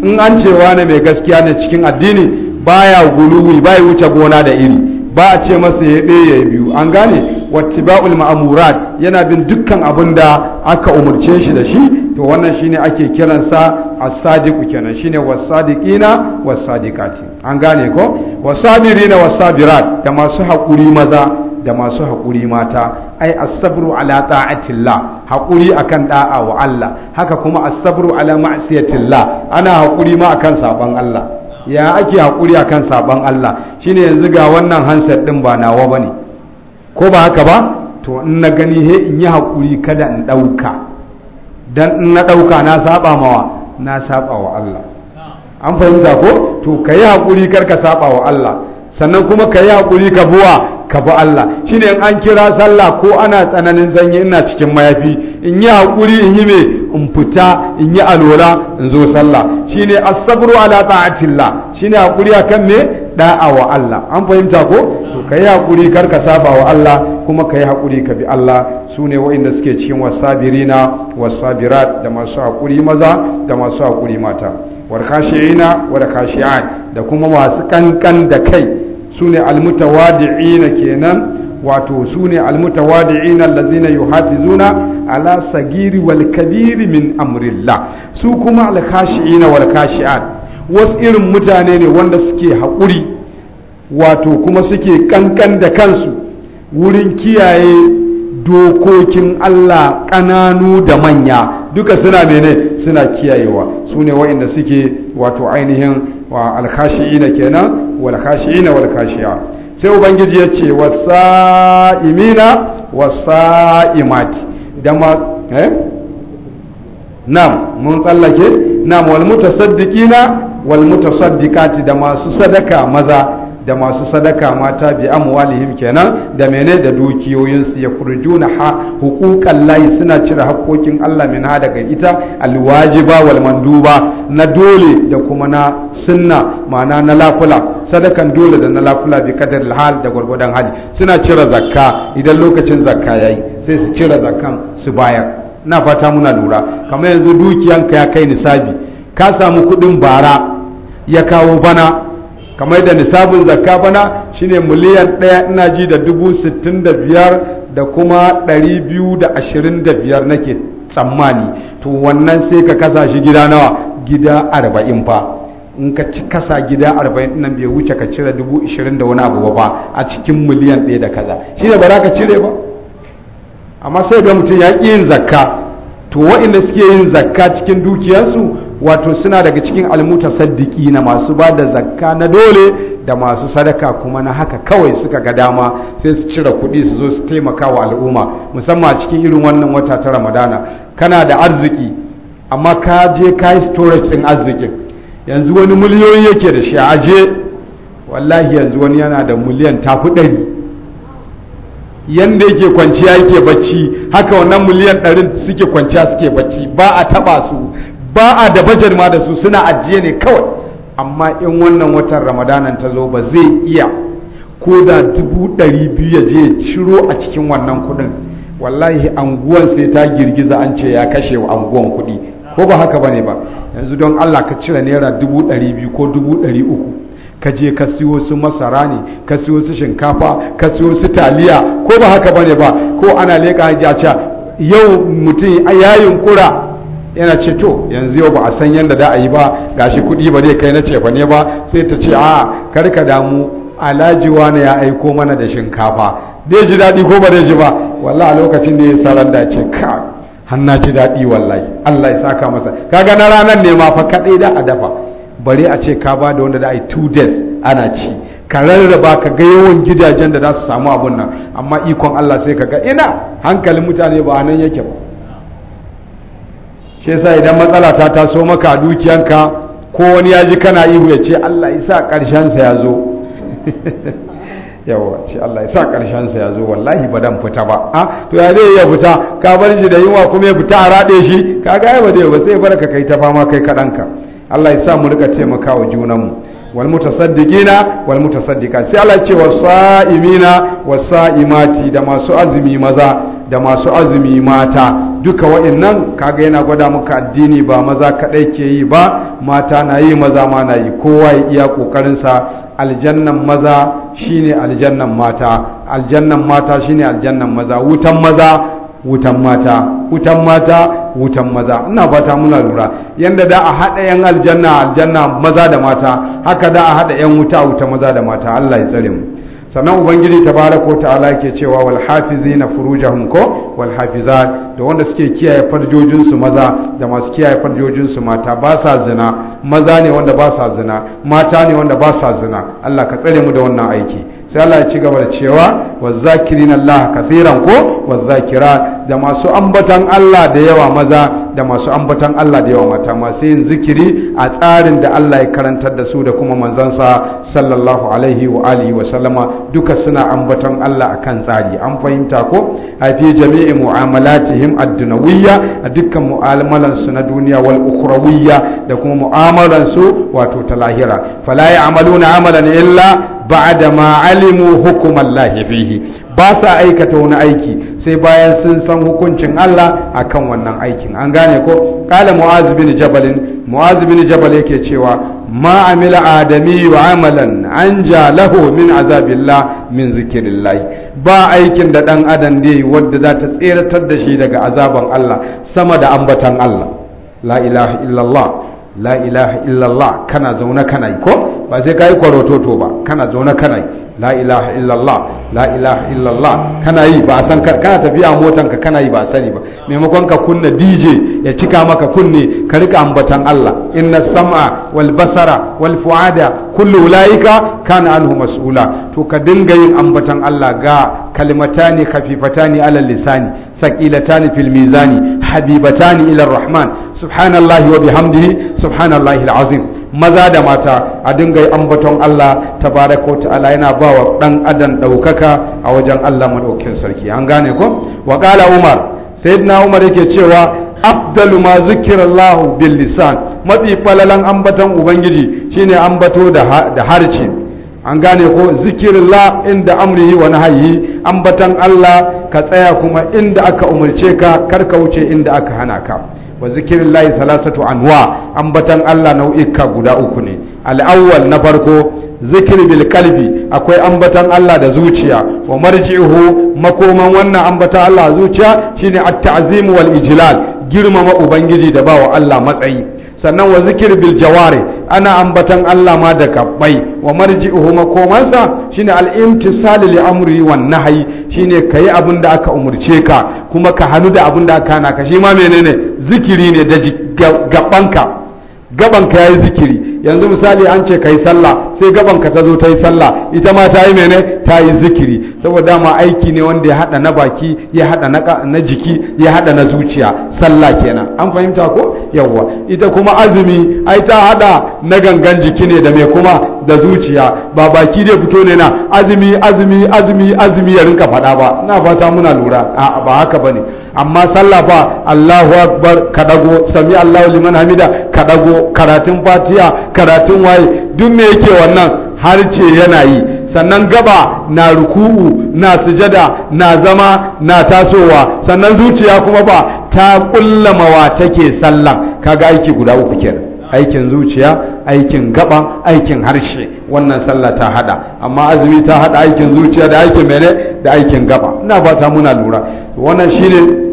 in an cewa ne mai gaskiya ne cikin addini baya guluwi baya wuce gona da iri ba a ce masa ya ɗaya ya biyu an gane wattiba'ul ma'amurat yana bin dukkan abin da aka umarce shi da shi to wannan shine ake kiransa a sadiqu kenan shine was-sadiqina was-sadiqati an gane ko was-sabirina was-sabirat da masu haƙuri maza da masu haƙuri mata ai asabru ala ta'atillah haƙuri akan da'a wa Allah haka kuma asabru ala ma'siyatillah ana haƙuri ma akan saban Allah ya ake haƙuri akan saban Allah shine yanzu ga wannan hansar din ba nawa bane ko ba haka ba to in na gani he in yi haƙuri kada in ɗauka dan in na ɗauka na saba mawa na saba wa Allah an fahimta ko to ka yi haƙuri kar ka saba wa Allah sannan kuma ka yi haƙuri ka buwa ka bi Allah shine in an kira sallah ko ana tsananin zanyi ina cikin mayafi in yi haƙuri in yi me in fita in yi alwala in zo sallah shine as-sabru ala ta'atillah shine haƙuri akan me da'a wa Allah an fahimta ko to kai haƙuri kar ka saba wa Allah kuma kai haƙuri ka bi Allah sune waɗanda suke cikin wasabirina wasabirat da masu haƙuri maza da masu haƙuri mata warkashiyina warkashiyan da kuma masu kankan da kai su sune almutawadi'ina kenan wato su sune almutawadi'ina allazina yuhafizuna ala sagiri wal kabiri min amrillah su kuma alkashi'ina wal kashi'at wasu irin mutane ne wanda suke haƙuri wato kuma suke kankan da kansu wurin kiyaye dokokin Allah ƙananu da manya duka suna mene suna kiyayewa su ne wa'inda suke wato ainihin wa alkashi'ina kenan wal walkashiya wal sai ubangiji ya ce wasa'imina wasa'imat da ma eh nam mun tsallake nam wal mutasaddiqina wal mutasaddiqati da masu sadaka maza da masu sadaka mata bi amwalihim kenan da mene da dukiyoyinsu ya kurjuna ha hukukan layi suna cire hakkokin Allah min daga ita alwajiba wal manduba na dole da kuma na sunna ma'ana na lakula sadakan dole da na lakula bi kadar hal da gwargwadon hali suna cire zakka idan lokacin zakka yayi sai su cire zakkan su bayar na fata muna lura kamar yanzu dukiyanka ya kai nisabi ka samu kuɗin bara ya kawo bana kamar da nisabin zakka bana shine miliyan ɗaya ina ji da dubu sittin da biyar da kuma ɗari biyu da ashirin da biyar nake tsammani to wannan sai ka kasa shi gida nawa gida arba'in fa in ka ci kasa gida arba'in nan bai wuce ka cire dubu ishirin da wani abu ba a cikin miliyan ɗaya da kaza shine ba za ka cire ba amma sai ga mutum ya ƙi yin zakka to waɗanda suke yin zakka cikin dukiyarsu wato suna daga cikin almuta saddiki na masu ba da zakka na dole da masu sadaka kuma na haka kawai suka ga dama sai su cire kuɗi su zo su taimaka wa al'umma musamman a cikin irin wannan wata ta ramadana kana da arziki amma ka je ka yi storage ɗin arzikin yanzu wani miliyoyi yake da shi aje wallahi yanzu wani yana da miliyan tafi ɗari yanda yake kwanciya yake bacci haka wannan miliyan ɗarin suke kwanciya suke bacci ba a taɓa su ba a da bajar ma da su suna ajiye ne kawai amma in wannan watan ramadanan ta zo ba zai iya ko da dubu ɗari biyu ya je ciro a cikin wannan kuɗin wallahi anguwan sai ta girgiza an ce ya kashe wa anguwan kuɗi ko ba haka ba ne ba yanzu don allah ka cire naira dubu ɗari biyu ko dubu ɗari uku ka je ka siyo su masara ne ka siyo su shinkafa ka siyo su taliya ko ba haka ba ne ba ko ana leƙa ya yau mutum yi kura yana ce to yanzu yau ba a san yadda da a yi ba gashi kuɗi ba zai kai na cefa ne ba sai ta ce a karka damu alajiwa na ya aiko mana da shinkafa zai ji daɗi ko ba zai ji ba walla a lokacin da ya saran da ce ka hanna ji daɗi wallahi Allah ya saka masa kaga na ranar ne ma fa kaɗai da a dafa bari a ce ka ba da wanda da a yi two days ana ci ka rarraba ka ga yawan gidajen da za su samu abun nan amma ikon Allah sai ka ga ina hankalin mutane ba nan yake ba shi yasa idan matsala ta taso maka a dukiyanka ko wani ya ji kana ihu ya ce Allah ya sa ƙarshensa ya zo yawa ce Allah ya sa ƙarshensa ya zo wallahi ba dan fita ba ha ah, to ya zai ya fita ka bar shi da yunwa kuma ya fita a raɗe shi ka ga ya ba ba sai bar ka kai ta fama kai kaɗanka Allah ya sa mu rika taimakawa junanmu wal mutasaddiqina wal mutasaddiqat sai Allah ce wasa'imina wasa'imati da masu azumi maza da masu azumi mata duka waɗannan kaga yana gwada maka addini ba maza kaɗai ke yi ba mata na yi maza ma na yi kowa ya iya ƙoƙarinsa aljannan maza shine aljannan mata aljannan mata shine aljannan maza wutan maza wutan mata wutan mata wutan maza ina fata muna lura yanda da a haɗa yan aljanna aljanna maza da mata haka da a haɗa yan wuta wuta maza da mata Allah ya tsare mu sannan ubangiji ko ta'ala ke cewa walhafizi na furuja ko walhafiza da wanda suke kiyaye farjojinsu maza da masu kiyaye farjojinsu mata ba sa zina maza ne wanda ba sa zina mata ne wanda ba sa zina Allah ka tsare mu da wannan aiki sai Allah ya ci gaba da cewa wazakirina Allah kathiran ko wazakira da masu ambatan Allah da yawa maza da masu ambatan Allah da yawa mata masu yin zikiri a tsarin da Allah ya karantar da su da kuma manzansa sallallahu alaihi wa alihi wa sallama duka suna ambatan Allah akan tsari an fahimta ko a fi jami'i mu'amalatihim ad-dunawiyya a dukkan mu'amalan su na duniya wal ukhrawiyya da kuma mu'amalan su wato ta lahira fala amala amalan illa ba'da ma alimu hukuman lahi fihi ba sa aikata wani aiki sai bayan sun san hukuncin Allah akan wannan aikin an gane ko qala mu'az bin jabal mu'az bin jabal yake cewa ma amila adami wa amalan an ja lahu min azabillah min zikirillahi. ba aikin da dan adam ne wanda za ta da shi daga azaban Allah sama da ambatan Allah la ilaha illallah la ilaha illallah kana zaune kana ko ba sai ka yi kwarototo ba kana zaune kana yi la ilaha illallah la ilaha illallah kana yi ba san kana tafiya motanka kana yi ba sani ba maimakon ka kunna DJ ya cika maka kunne ka rika ambatan Allah inna sam'a wal basara wal fuada kullu ulaika kana anhu mas'ula to ka dinga yin ambatan Allah ga kalimatani khafifatani ala lisani thaqilatani fil mizani habibatani ila rahman subhanallahi wa bihamdihi subhanallahi al maza da mata a dinga ambaton Allah tabaraka ta'ala yana ba wa dan adam daukaka a wajen Allah madaukin sarki an gane ko wa qala umar sayyidina umar yake cewa afdalu ma zikirallahu bil lisan mafi falalan ambaton ubangiji shine ambato da da harci an gane ko zikirillah inda amrihi wa nahyi ambatan Allah ka tsaya kuma inda aka umurce ka karka wuce inda aka hana ka wa zikirin layi salasatu anwa ambatan Allah nau'ika guda uku ne al'awwal na farko zikir bil kalbi akwai ambatan Allah da zuciya wa marji'uhu makoman wannan ambatan Allah zuciya shine at-ta'zim wal ijlal girmama ubangiji da bawa Allah matsayi sannan wa zikir bil jawari ana ambatan Allah ma da kabbai wa marji'uhu makomansa shine al imtisal li amri wan nahyi shine kai abin da aka umurce ka kuma ka hanu da abin da aka hana ka shi ma menene zikiri ne da gabanka gabanka yayi zikiri yanzu misali an ce kai sallah sai gaban ka ta zo ta yi sallah ita ma ta yi mene ta yi zikiri saboda ma aiki ne wanda ya hada na baki ya hada na jiki ya hada na zuciya sallah kenan an fahimta ko yawwa ita kuma azumi ai ta hada na gangan jiki ne da mai kuma da zuciya ba baki dai fito ne na azumi azumi azumi azumi ya rinka faɗa ba na fata muna lura a'a ba haka bane amma sallafa fa Allahu akbar ka dago sami Allahu liman hamida ka dago karatun fatiha karatun waye duk me yake wannan har ce yana yi sannan gaba na ruku'u na sujada na zama na tasowa sannan zuciya kuma ba ta kullamawa take sallah kaga aiki guda uku kenan aikin zuciya aikin gaba aikin harshe wannan sallah ta hada amma azumi ta hada aikin zuciya da aikin mene da aikin gaba ina fata muna lura wannan shine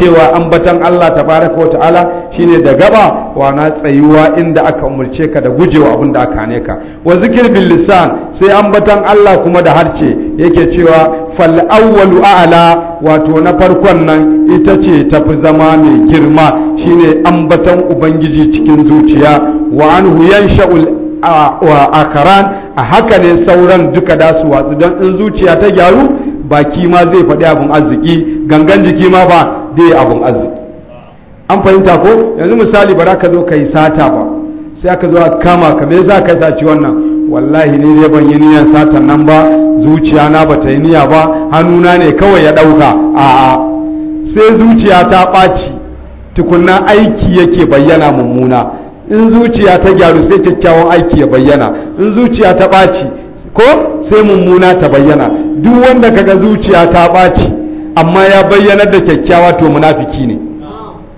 cewa ambatan Allah tabaraka wa ta'ala shine da gaba wa na tsayuwa inda aka umurce ka da gujewa abin da aka hane ka wa zikir bil lisan sai ambatan Allah kuma da harce yake cewa fal awwalu a'la wato na farkon nan ita ce tafi zama mai girma shine ambatan ubangiji cikin zuciya wa anhu yansha'ul akaran a haka ne sauran duka da su watsu don in zuciya ta gyaru baki ma zai faɗi abin arziki gangan jiki ma ba dai abun arziki an fahimta ko yanzu misali ba za ka zo ka yi sata ba sai aka zo a kama ka me za ka saci wannan wallahi ne dai ban yi niyan satan nan ba zuciya na ba ta yi niyya ba hannuna ne kawai ya ɗauka a'a sai zuciya ta ɓaci tukunna aiki yake bayyana mummuna in zuciya ta gyaru sai kyakkyawan aiki ya bayyana in zuciya ta ɓaci ko sai mummuna ta bayyana duk wanda kaga zuciya ta ɓaci amma ya bayyanar da kyakkyawa to munafiki ne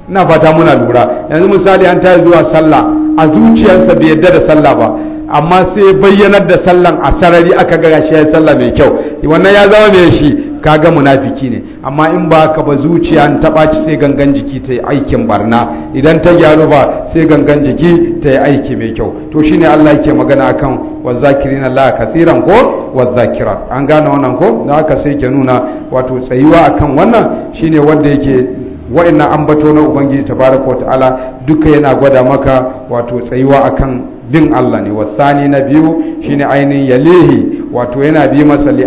ina fata muna lura yanzu misali an ta zuwa sallah a zuciyarsa bai yarda da sallah ba amma sai bayyanar da sallan a sarari aka ga shi ya sallah mai kyau wannan ya zama mai shi Ka ga munafiki ne amma in ba ka ba zuciya ta ci sai gangan jiki ta yi aikin barna idan ta gyaru ba sai gangan jiki ta yi aiki mai kyau to shine Allah yake magana akan wazakirin Allah kathiran ko wazakira an gane wannan ko da haka sai ke nuna wato tsayuwa akan wannan shine wanda yake wa'annan ambato na ubangiji tabaraka wa ta'ala duka yana gwada maka wato tsayuwa akan bin Allah ne wasani na biyu shine ainihin yalehi wato yana bi masa li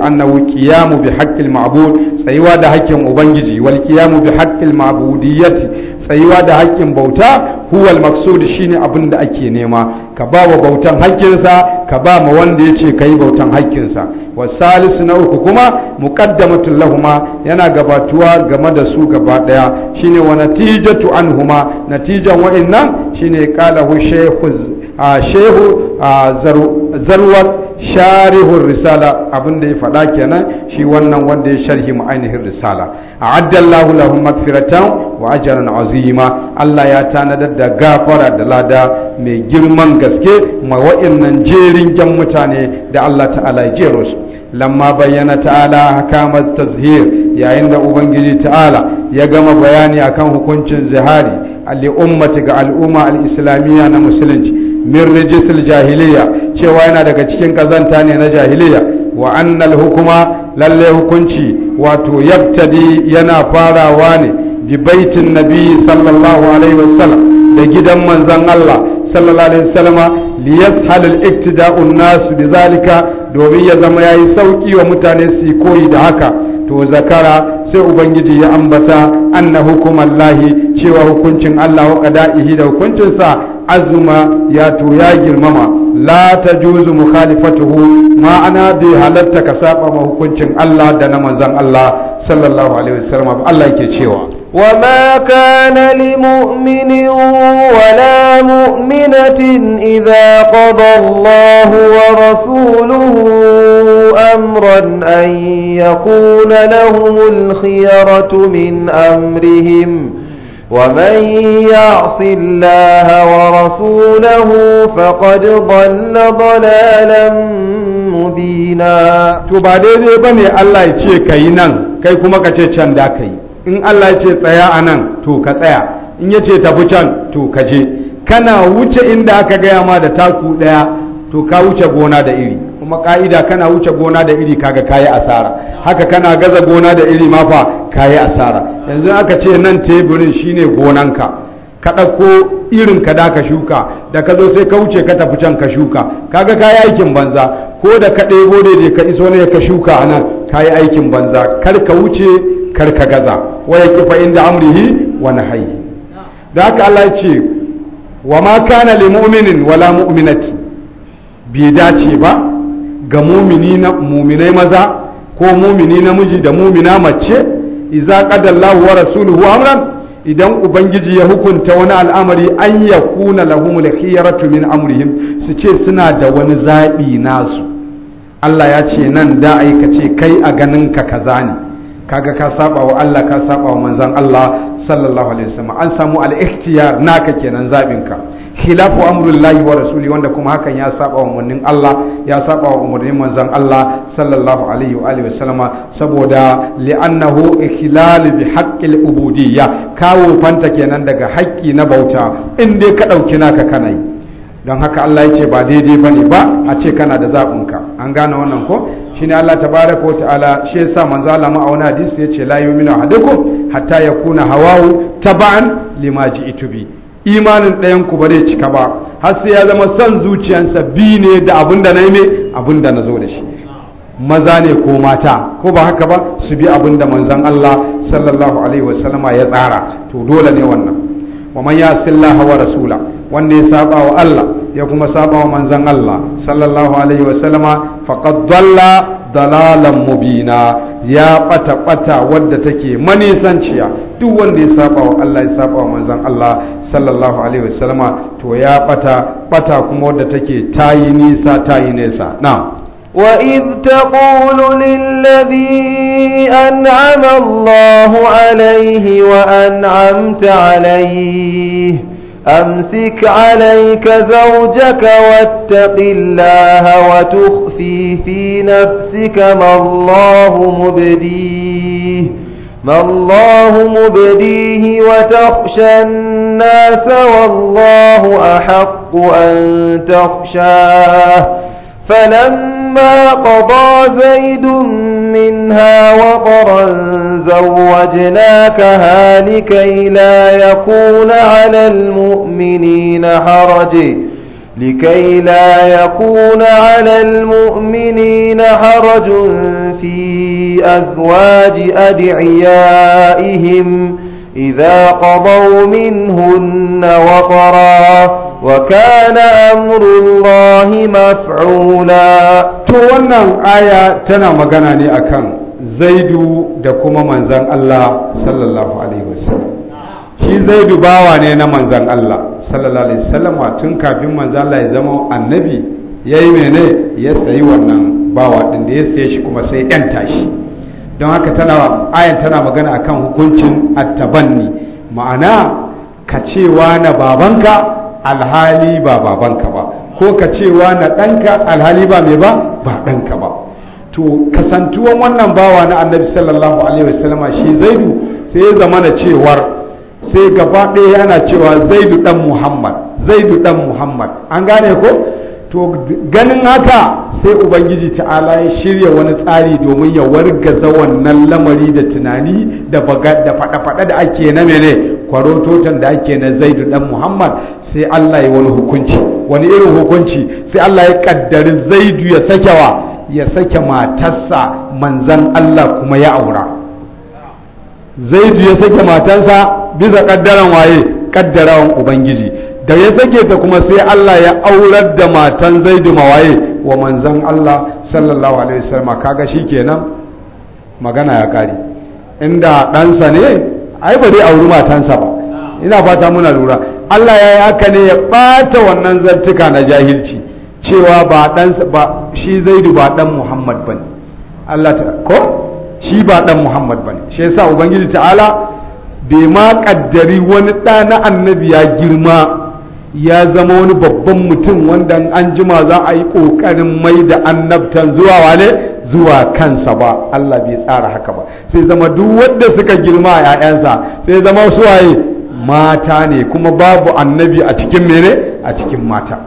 qiyamu bi haqqil ma'bud tsayuwa da haƙƙin ubangiji wal qiyamu bi haqqil ma'budiyyati tsayuwa da haƙƙin bauta huwal maqsud shine abin da ake nema ka ba wa bautan haƙƙinsa ka ba ma wanda yace kai bautan haƙƙinsa wasalis na uku kuma muqaddamatun lahuma yana gabatuwa game da su gaba daya shine wa natijatu anhuma natijan waɗannan shine qalahu shaykhuz shehu zarwar sharihun risala abinda ya faɗa kenan shi wannan wanda ya sharhi mu ainihin risala a addallahu lahum magfiratan wa ajran azima Allah ya tanadar da gafara da lada mai girman gaske ma wa'annan jerin jan mutane da Allah ta'ala ya jero su lamma bayyana ta'ala hakamat tazhir yayin da ubangiji ta'ala ya gama bayani akan hukuncin zihari al'ummati ga al'umma al-islamiyya na musulunci min rijisil jahiliya cewa yana daga cikin kazanta ne na jahiliya wa annal hukuma lalle hukunci wato yabtadi yana farawa ne bi baitin nabi sallallahu alaihi wasallam da gidan manzon Allah sallallahu alaihi wasallam li yashal al iktida'u nas bi zalika domin ya zama yayi sauki wa mutane su koyi da haka to zakara sai ubangiji ya ambata anna hukumallahi cewa hukuncin Allah wa qada'ihi da hukuncinsa azuma ya to ya girmama la ta juzu mukhalifatuhu ma'ana bi halarta ka saba ma hukuncin Allah da na manzon Allah sallallahu alaihi wasallam Allah yake cewa wa ma kana li mu'minin wa la mu'minatin idza qada wa rasuluhu amran an yakuna lahumul khiyaratu min amrihim ومن يعص الله ورسوله فقد ضل ضلالا مبينا to ba daidai bane Allah yace kayi nan kai kuma ka ce can da kai in Allah yace tsaya a nan to ka tsaya in yace tafi can to ka je kana wuce inda aka gaya ma da taku daya to ka wuce gona da iri kuma ka'ida kana wuce gona da iri kaga kayi asara haka kana gaza gona da iri ma fa kayi asara yanzu aka ce nan teburin shine gonanka ka ɗauko irin ka da ka shuka da ka zo sai ka wuce ka tafi can ka shuka kaga kayi aikin banza ko da ka ɗebo daidai ka iso ne ka shuka a nan ka yi aikin banza kar ka wuce kar ka gaza waya kifa inda amrihi wa nahyi da haka Allah ce wa ma kana li mu'minin wala mu'minati bai dace ba ga mumini na muminai maza ko mumini namiji da mumina mace iza qadallahu wa rasuluhu amran idan ubangiji ya hukunta wani al'amari an yakuna lahumul khiyaratu min amrihim su ce suna da wani zaɓi nasu Allah ya ce nan da aikace kai a ganin ka kaza ne kaga ka saba wa Allah ka saba wa manzon Allah sallallahu alaihi wasallam an samu al-ikhtiyar naka kenan ka khilafu amrullahi wa rasuli wanda kuma hakan ya saba wa umarnin Allah ya saba wa umarnin manzon Allah sallallahu alaihi wa alihi wasallama saboda li'annahu ikhlal bi haqqil ubudiyya kawo fanta kenan daga haƙƙi na bauta in dai ka dauki naka kana yi don haka Allah ya ce ba daidai bane ba a ce kana da zaɓinka an gane wannan ko shine Allah tabaraka wa ta'ala shi yasa manzo Allah ma a wani hadisi yace la yu'minu ahadukum hatta yakuna hawa'u taban lima limaji bi imanin ɗayan ku ba zai cika ba har sai ya zama son zuciyansa bi ne da abin da na yi mai abin da na zo da shi maza ne ko mata ko ba haka ba su bi abin da manzon Allah sallallahu alaihi wasallama ya tsara to dole ne wannan wa man yasillaha wa rasula wanda ya saba wa Allah ya kuma saba wa manzon Allah sallallahu alaihi wasallama faqad dalla dalalan mubina ya bata bata wadda take manisanciya duk wanda ya saba wa Allah ya saba wa manzon Allah sallallahu alaihi wasallama to ya bata bata kuma wadda take tayi nisa tayi nesa na وإذ تقول للذي أنعم الله عليه وأنعمت عليه أمسك عليك زوجك واتق الله وتخفي في نفسك ما الله مبديه ما الله مبديه وتخشى الناس والله أحق أن تخشاه فلما قضى زيد منها وقرا زوجناكها لكي لا يكون على المؤمنين حرج لكي لا يكون على المؤمنين حرج في أزواج أدعيائهم إذا قضوا منهن وطرا وكان أمر الله مفعولا تونا آية تنا مغانا لأكام أكان زيد دكما منزان الله صلى الله عليه وسلم shi zaidu bawa ne na manzan Allah sallallahu alaihi wasallam tun kafin manzan Allah ya zama annabi yayi mene ya sayi wannan bawa din da ya saye shi kuma sai ɗan tashi don haka tana ayan tana magana akan hukuncin attabanni ma'ana ka cewa na babanka alhali ba babanka ba ko ka cewa na ɗanka alhali ba mai ba ba ɗanka ba to kasantuwan wannan bawa na annabi sallallahu alaihi wasallama shi zaidu sai ya zama na cewar sai gaba ɗaya yana cewa zaidu dan muhammad zaidu dan muhammad an gane ko to ganin haka sai ubangiji ta'ala ya shirya wani tsari domin ya wargaza wannan lamari da tunani da faɗa-faɗa da ake na mene kwarototon da ake na zaidu dan muhammad sai allah ya wani hukunci wani irin hukunci sai allah ya kaddari zaidu ya sake wa ya sake matarsa manzan allah kuma ya aura zaidu ya sake matarsa bisa kaddaran waye kaddarawan ubangiji da ya sake ta kuma sai Allah ya aurar da matan zaidu mawaye wa manzan Allah sallallahu alaihi wasallam kaga shikenan magana ya kare inda ɗansa ne ai ba dai auri matansa ba ina fata muna lura Allah ya yi haka ne ya ɓata wannan zartuka na jahilci cewa ba ɗansa ba shi zaidu ba ɗan Muhammad bane Allah ta ko shi ba ɗan Muhammad bane shi yasa ubangiji ta'ala bai ma kaddari wani ɗa na annabi ya girma ya zama wani babban mutum wanda an jima za a yi ƙoƙarin mai da annabtan zuwa wane zuwa kansa ba Allah bai tsara haka ba sai zama duk wanda suka girma a 'ya'yansa sai zama su waye mata ne kuma babu annabi a cikin mene a cikin mata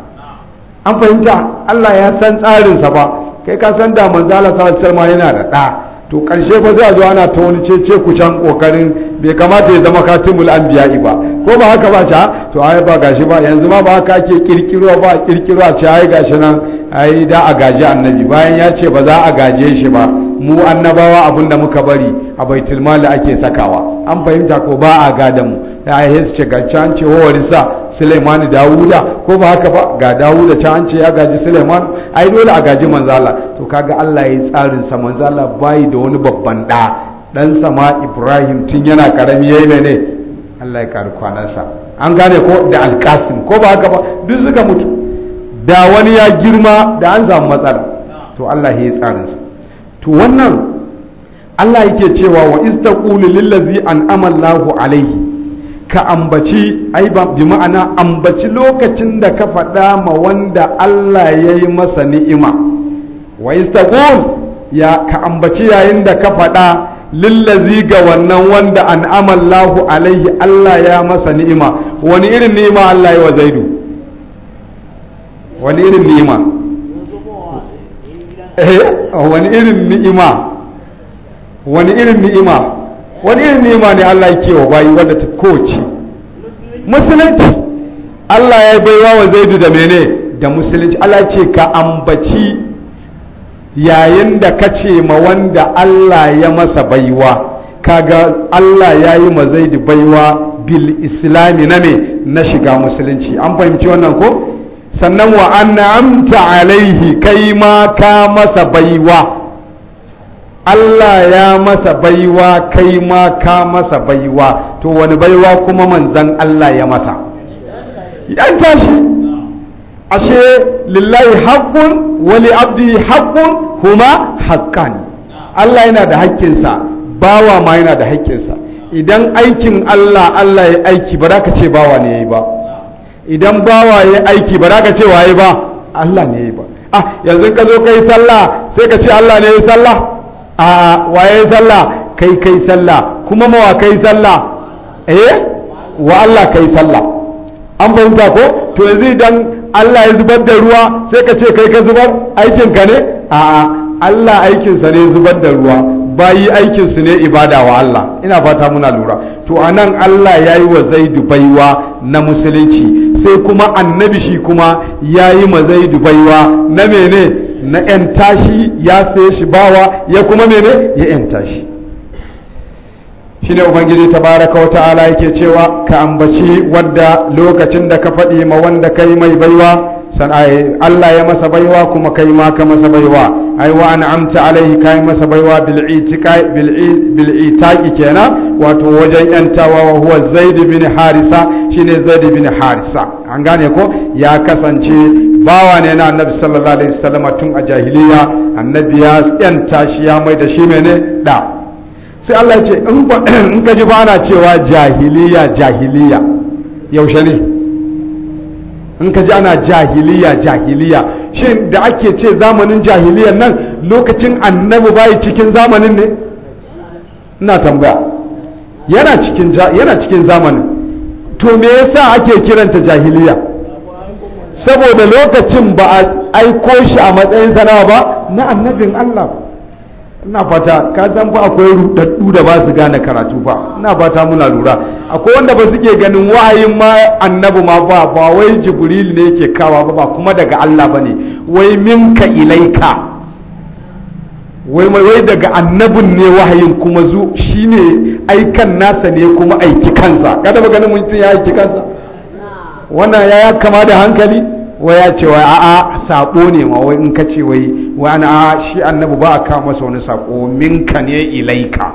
an fahimta Allah ya san tsarinsa ba kai ka san da manzala sallallahu alaihi yana da ɗa to karshe ba za a zo ana ta wani cece ku can kokarin bai kamata ya zama katimul anbiya ba ko ba haka ba ta to ai ba gashi ba yanzu ma ba haka ake kirkiro ba kirkiro a ce ai gashi nan ai da a gaji annabi bayan ya ce ba za a gaje shi ba mu annabawa abin da muka bari a baitul mali ake sakawa an fahimta ko ba a gadan mu da ai ce gancan ce sa. Sulaiman Dawuda ko ba haka ba ga Dawuda ta an ce ya gaji Suleiman ai dole a gaji manzala to kaga Allah yi tsarin sa manzala bai da wani babban da dan sama Ibrahim tun yana karami yayi ne Allah ya karu kwanansa an gane ko da Alkasim ko ba haka ba duk suka mutu da wani ya girma da an samu matsala to Allah ya yi tsarin sa to wannan Allah yake cewa wa istaqulu lillazi an amallahu alaihi ka ambaci ai bi ma'ana ambaci lokacin da ka faɗa ma wanda Allah ya yi masa ni'ima wa istaqul ya ka ambaci yayin da ka faɗa lillazi ga wannan wanda Allahu alaihi Allah ya masa ni'ima wani irin ni'ima Allah ya wa zaidu wani irin ni'ima eh wani irin ni'ima wani irin ni'ima wani irin nema ne Allah ya wa bayi wanda ta kowace musulunci Allah ya baiwa wa zaidu da mene da musulunci Allah ce ka ambaci yayin da ka ce ma wanda Allah ya masa baiwa kaga Allah ya yi ma zaidu baiwa bil islami na me na shiga musulunci an fahimci wannan ko sannan wa an amta alaihi kai ma ka masa baiwa Allah ya masa baiwa kai ma ka masa baiwa to wani baiwa kuma manzan Allah ya masa yan tashi ashe lillahi haqqun wa li abdi haqqun huma haqqan Allah yana da haƙƙinsa bawa ma yana da haƙƙinsa idan aikin Allah Allah ya aiki ba za ka ce bawa ne yayi ba idan bawa ya aiki ba za ka ce waye ba Allah ne yayi ba ah yanzu ka zo kai sallah sai ka ce Allah ne yayi sallah a waye sallah kai kai sallah kuma mawa kai sallah eh wa Allah kai sallah an fahimta ko to yanzu idan Allah ya zubar da ruwa sai ka ce kai ka zubar aikin ka ne a'a Allah aikinsa ne zubar da ruwa bayi aikinsu ne ibada wa Allah ina fata muna lura to anan Allah ya yi wa zaidu baiwa na musulunci sai kuma annabi shi kuma ya yi ma zaidu baiwa na mene na 'yan tashi ya saye shi bawa ya kuma mene ya 'yan tashi ne ubangiji tabaraka wa ta'ala yake cewa ka ambaci wadda lokacin da ka faɗi ma wanda kai mai baiwa sana'ai eh, Allah ya masa baiwa kuma kai ma ka masa baiwa ai wa an'amta alaihi kai masa baiwa bil itiqai bil kenan wato wajen yantawa wa huwa zaid bin harisa shine zaid bin harisa an gane ko ya kasance bawa ne na annabi sallallahu alaihi wasallam tun a jahiliya annabi ya yanta shi ya mai da shi mene da sai Allah ya ce in ka ji bana cewa jahiliya jahiliya yaushe ne in ka ji ana jahiliya jahiliya shin da ake ce zamanin jahiliyan nan lokacin annabi bai cikin zamanin ne ina tambaya yana cikin yana cikin zamanin to me yasa ake kiranta jahiliya saboda lokacin ba a aiko shi a matsayin sana'a ba na annabin Allah ina fata ka san ba akwai rudaddu da ba su gane karatu ba ina fata muna lura akwai wanda ba suke ganin wahayin ma annabi ma ba ba wai jibril ne yake kawa ba ba kuma daga Allah bane wai minka ilaika wai wai daga annabin ne wahayin kuma zu shine aikan nasa ne kuma aiki kansa kada ba ganin mutum ya aiki kansa wannan ya kama da hankali wai ya ce wai a'a sako ne ma wai in ka ce wai wani a'a shi annabi ba a kawo masa wani sako minka ne ilaika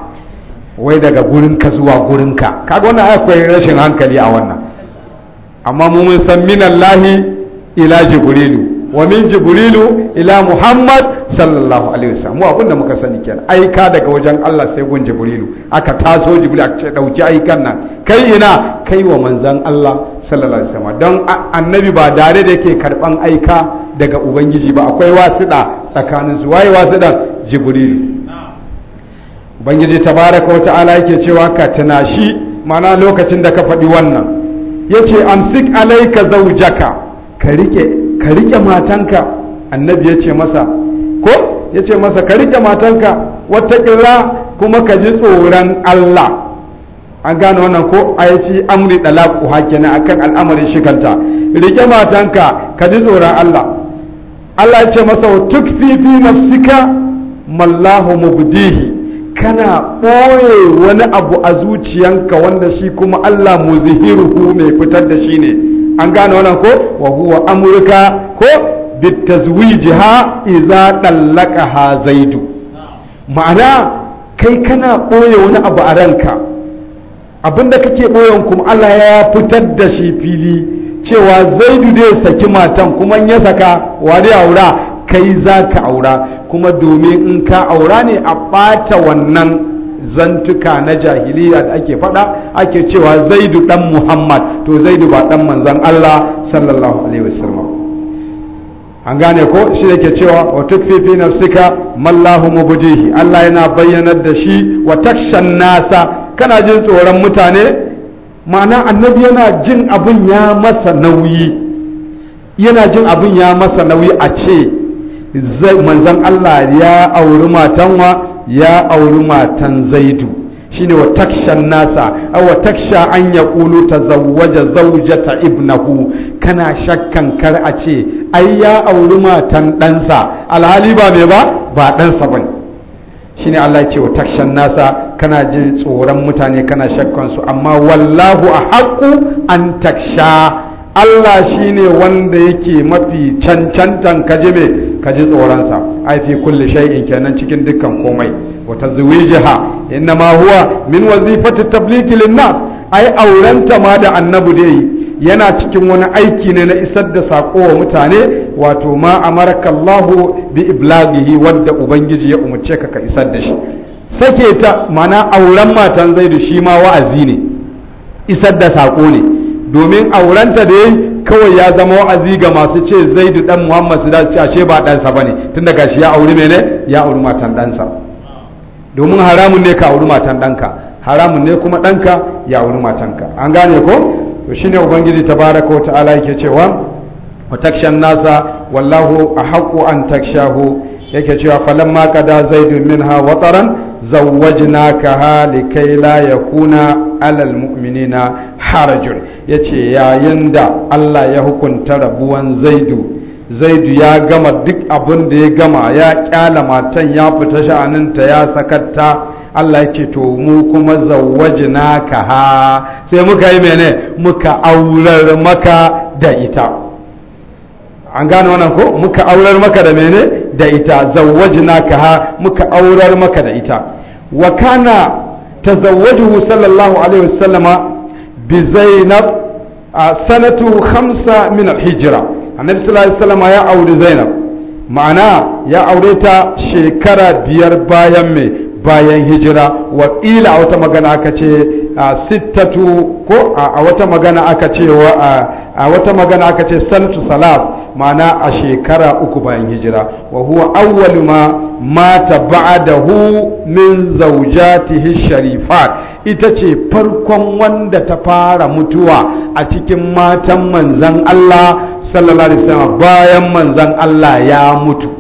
wai daga gurinka zuwa gurinka kaga wannan akwai rashin hankali a wannan amma mu mun san minallahi ila jibrilu wa min jibrilu ila muhammad sallallahu alaihi wasallam mu abinda muka sani kenan aika daga wajen Allah sai gun jibrilu aka taso jibrilu aka ce dauki aikan nan kai ina kai wa manzon Allah sallallahu alaihi wasallam don annabi ba dare da yake karban aika daga ubangiji ba akwai wasuɗa tsakanin su waye wasuɗan jibrilu ubangiji tabaraka wa ta'ala yake cewa ka tunashi shi mana lokacin da ka faɗi wannan yace amsik alaika zaujaka ka rike ka rike matanka annabi yace masa ko yace masa ka rike matanka wata kuma ka ji tsoron Allah an gane wannan ko a yi amri ɗalaku kenan akan al'amarin shiganta rike matanka ka ji tsoron Allah Allah ya ce masa wa tuk fi mafsika mallahu mubdihi kana ɓoye wani abu a zuciyanka wanda shi kuma Allah mu muzihiruhu mai fitar da shi ne an gane wannan ko wa huwa amurka ko bitazwijiha iza dallaqaha zaidu ma'ana kai kana ɓoye wani abu a ranka abinda kake boyon kuma Allah ya fitar da shi fili cewa zaidu dai saki matan kuma ya saka wani aura kai za ka aura kuma domin in ka aura ne a ɓata wannan zantuka na jahiliya da ake faɗa ake cewa zaidu ɗan muhammad to zaidu ba ɗan manzan Allah sallallahu alaihi wasallam an gane ko shi yake cewa wa tukfi fi nafsika mallahu mubdihi Allah yana bayyanar da shi wa takshan nasa kana jin tsoron mutane ma'ana annabi yana jin abin ya masa nauyi yana jin abin ya masa nauyi a ce manzan Allah ya auri matan wa ya auri matan zaidu shine wa takshan nasa aw wa taksha an yaqulu tazawwaja zawjata ibnahu kana shakkan kar a ce ai ya auri matan ɗansa alhali ba me ba ba ɗansa bane shine Allah ce wa takshan nasa kana jin tsoron mutane kana shakkan su amma wallahu a haƙu an taksha Allah shine wanda yake mafi cancantan kaji me kaji tsoron sa ai fi kulli shay'in kenan cikin dukkan komai wa inna ma huwa min wazifatu tabliqi lin nas ai aurenta ma da annabi dai. yana cikin wani aiki ne na isar da saƙo wa mutane wato ma amarakallahu bi iblagihi wadda ubangiji ya umarce ka ka isar da shi sake ta mana auren matan zaidu shi ma wa'azi ne isar da saƙo ne domin aurenta da yayi kawai ya zama wa'azi ga masu ce zaidu dan muhammad su da ce ba ɗansa ba ne tun daga shi ya auri mene ya auri matan ɗansa domin haramun ne ka auri matan ɗanka haramun ne kuma ɗanka ya auri matanka an gane ko to shine ubangiji tabaraka wa ta'ala yake cewa wa takshan nasa wallahu ahqqu an takshahu yake cewa falamma qada zaidun minha wataran zawwajnakaha kai la yakuna alal mu'minina harajun yace yayin da Allah ya hukunta rabuwan zaidu zaidu ya gama duk abin da ya gama ya kyala matan ya fita sha'aninta ya sakatta Allah ya ce to mu kuma zawwajna ka ha sai muka yi mene muka aurar maka da ita an gane wannan ko muka aurar maka da mene da ita zawwajna ka ha muka aurar maka da ita wa kana tazawwajuhu sallallahu alaihi wasallama bi zainab sanatu khamsa min alhijra annabi sallallahu alaihi wasallama ya auri zainab ma'ana ya aure ta shekara biyar bayan mai bayan hijira wa a wata magana aka ce a sittatu ko a wata magana aka ce a wata magana aka ce sanatu salaf ma'ana a shekara uku bayan hijira wa huwa awwalu ma mata ba'dahu min zawjatihi sharifat ita ce farkon wanda ta fara mutuwa a cikin matan manzan Allah sallallahu alaihi wasallam bayan manzan Allah ya mutu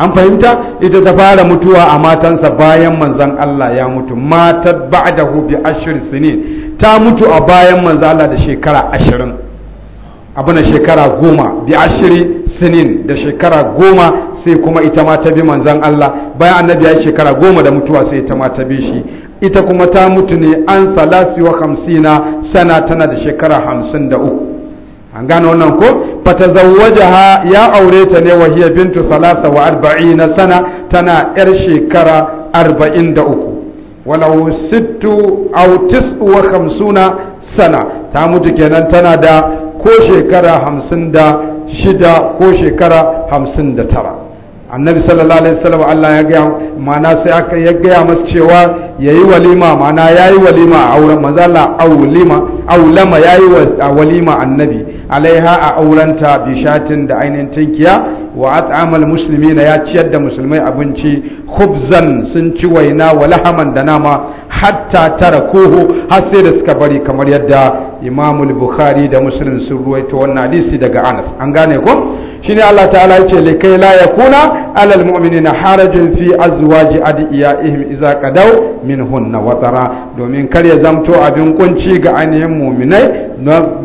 an fahimta ita ta fara mutuwa a matansa bayan manzan Allah ya mutu matar ba'dahu bi ashir sinin ta mutu a bayan manzan Allah da shekara ashirin abu na shekara goma bi ashiri sinin da shekara goma sai kuma ita ma ta bi manzan Allah bayan annabi ya shekara goma da mutuwa sai ita ma ta bi shi ita kuma ta mutu ne an salasi wa hamsina sana tana da shekara hamsin da uku an gane wannan ko ha ya aure ta ne wahiya bintu salasa wa arba'ina sana tana yar shekara arba'in da uku walau sittu au tis'u wa hamsuna sana ta mutu kenan tana da ko shekara hamsin da shida ko shekara hamsin da tara annabi sallallahu alaihi wasallam Allah ya gaya mana sai aka ya gaya masa cewa yayi walima mana yayi walima a auren manzo Allah aulima aulama yayi walima annabi alaiha a aurenta bishatin da ainihin tinkiya wa at'amal na ya ciyar da musulmai abinci khubzan sun ci waina wa lahaman da nama hatta kohu har sai da suka bari kamar yadda imamul bukhari da muslim sun ruwaito wannan hadisi daga anas an gane ko shine Allah ta'ala ce li kai la ya kuna alal mu'minina harajin fi azwaji adiyaihim idza min minhunna watara domin kar ya zamto abin kunci ga ainihin mu'minai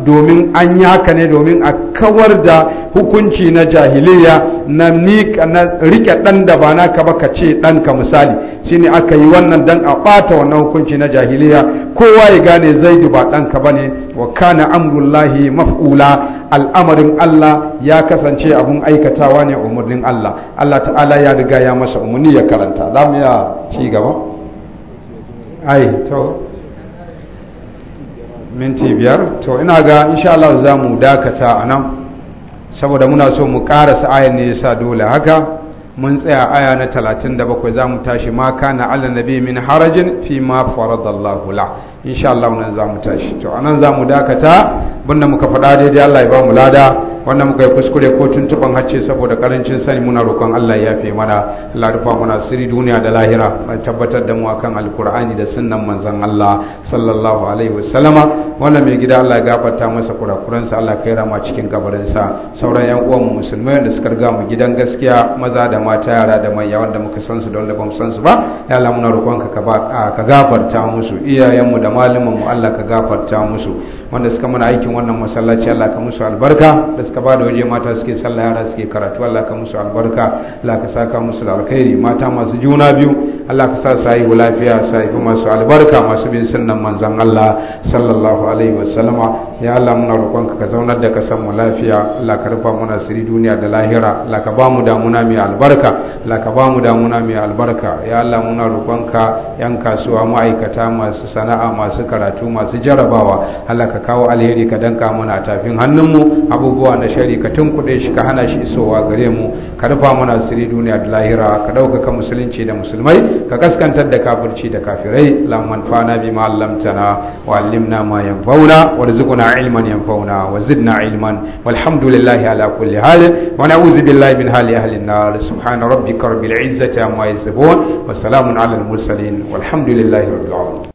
domin an yi haka ne domin a kawar da hukunci na jahiliya na rike dan da ba naka ba ka ce ka misali shine aka yi wannan dan a ɓata wannan hukunci na jahiliya kowa ya gane zaidu ba ɗanka bane wa kana amrullahi maf'ula al'amarin Allah ya kasance abun aikatawa ne umurnin Allah Allah ta'ala ya riga ya masa umarni ya karanta za mu ya ci gaba ai to minti biyar to ina ga insha Allah za mu dakata a nan saboda muna so mu karasa ayan ne yasa dole haka mun tsaya aya na 37 za mu tashi ma kana ala nabi min harajin fi ma faradallahu la insha Allah nan za mu tashi to anan za mu dakata bunda muka faɗa daidai Allah ya ba mu lada wanda muka yi kuskure ko tuntuban hacce saboda karancin sani muna roƙon Allah ya fi mana Allah rufa mana siri duniya da lahira a tabbatar da mu akan alkur'ani da sunnan manzon Allah sallallahu alaihi wasallama wanda mai gida Allah ya gafarta masa kurakuransa Allah kai rama cikin sa sauran yan uwan mu musulmai wanda suka riga mu gidan gaskiya maza da mata yara da manya wanda muka san su da wanda ba mu san su ba ya Allah muna roƙon ka ka gafarta musu iyayen mu da malaman mu Allah ka gafarta musu wanda suka mana aikin wannan masallaci Allah ka musu albarka da suka bada waje mata suke sallah yara suke karatu Allah ka musu albarka Allah ka saka musu alkhairi mata masu juna biyu Allah ka sa su haihu lafiya su haifi masu albarka masu bin sunnan manzon Allah sallallahu alaihi wa sallama ya Allah muna roƙon ka zaunar da ka san mu lafiya Allah ka rufa muna siri duniya da lahira Allah ka ba mu damuna mai albarka Allah ka ba mu damuna mai albarka ya Allah muna ka yan kasuwa ma'aikata masu sana'a masu karatu masu jarabawa Allah ka kawo alheri ka danka mana a tafin hannunmu abubuwa na shari ka tunkuɗe shi ka hana shi isowa gare mu ka rufa mana siri duniya da lahira ka ɗaukaka musulunci da musulmai ka kaskantar da kafirci da kafirai lamman fana bi ma'allamtana wa allimna ma yanfa'una warzuqna ilman yanfa'una wa zidna ilman walhamdulillahi ala kulli hal wa na'udzu billahi min hali ahli an-nar subhana rabbika rabbil izzati amma yasifun wa salamun ala al-mursalin walhamdulillahi rabbil alamin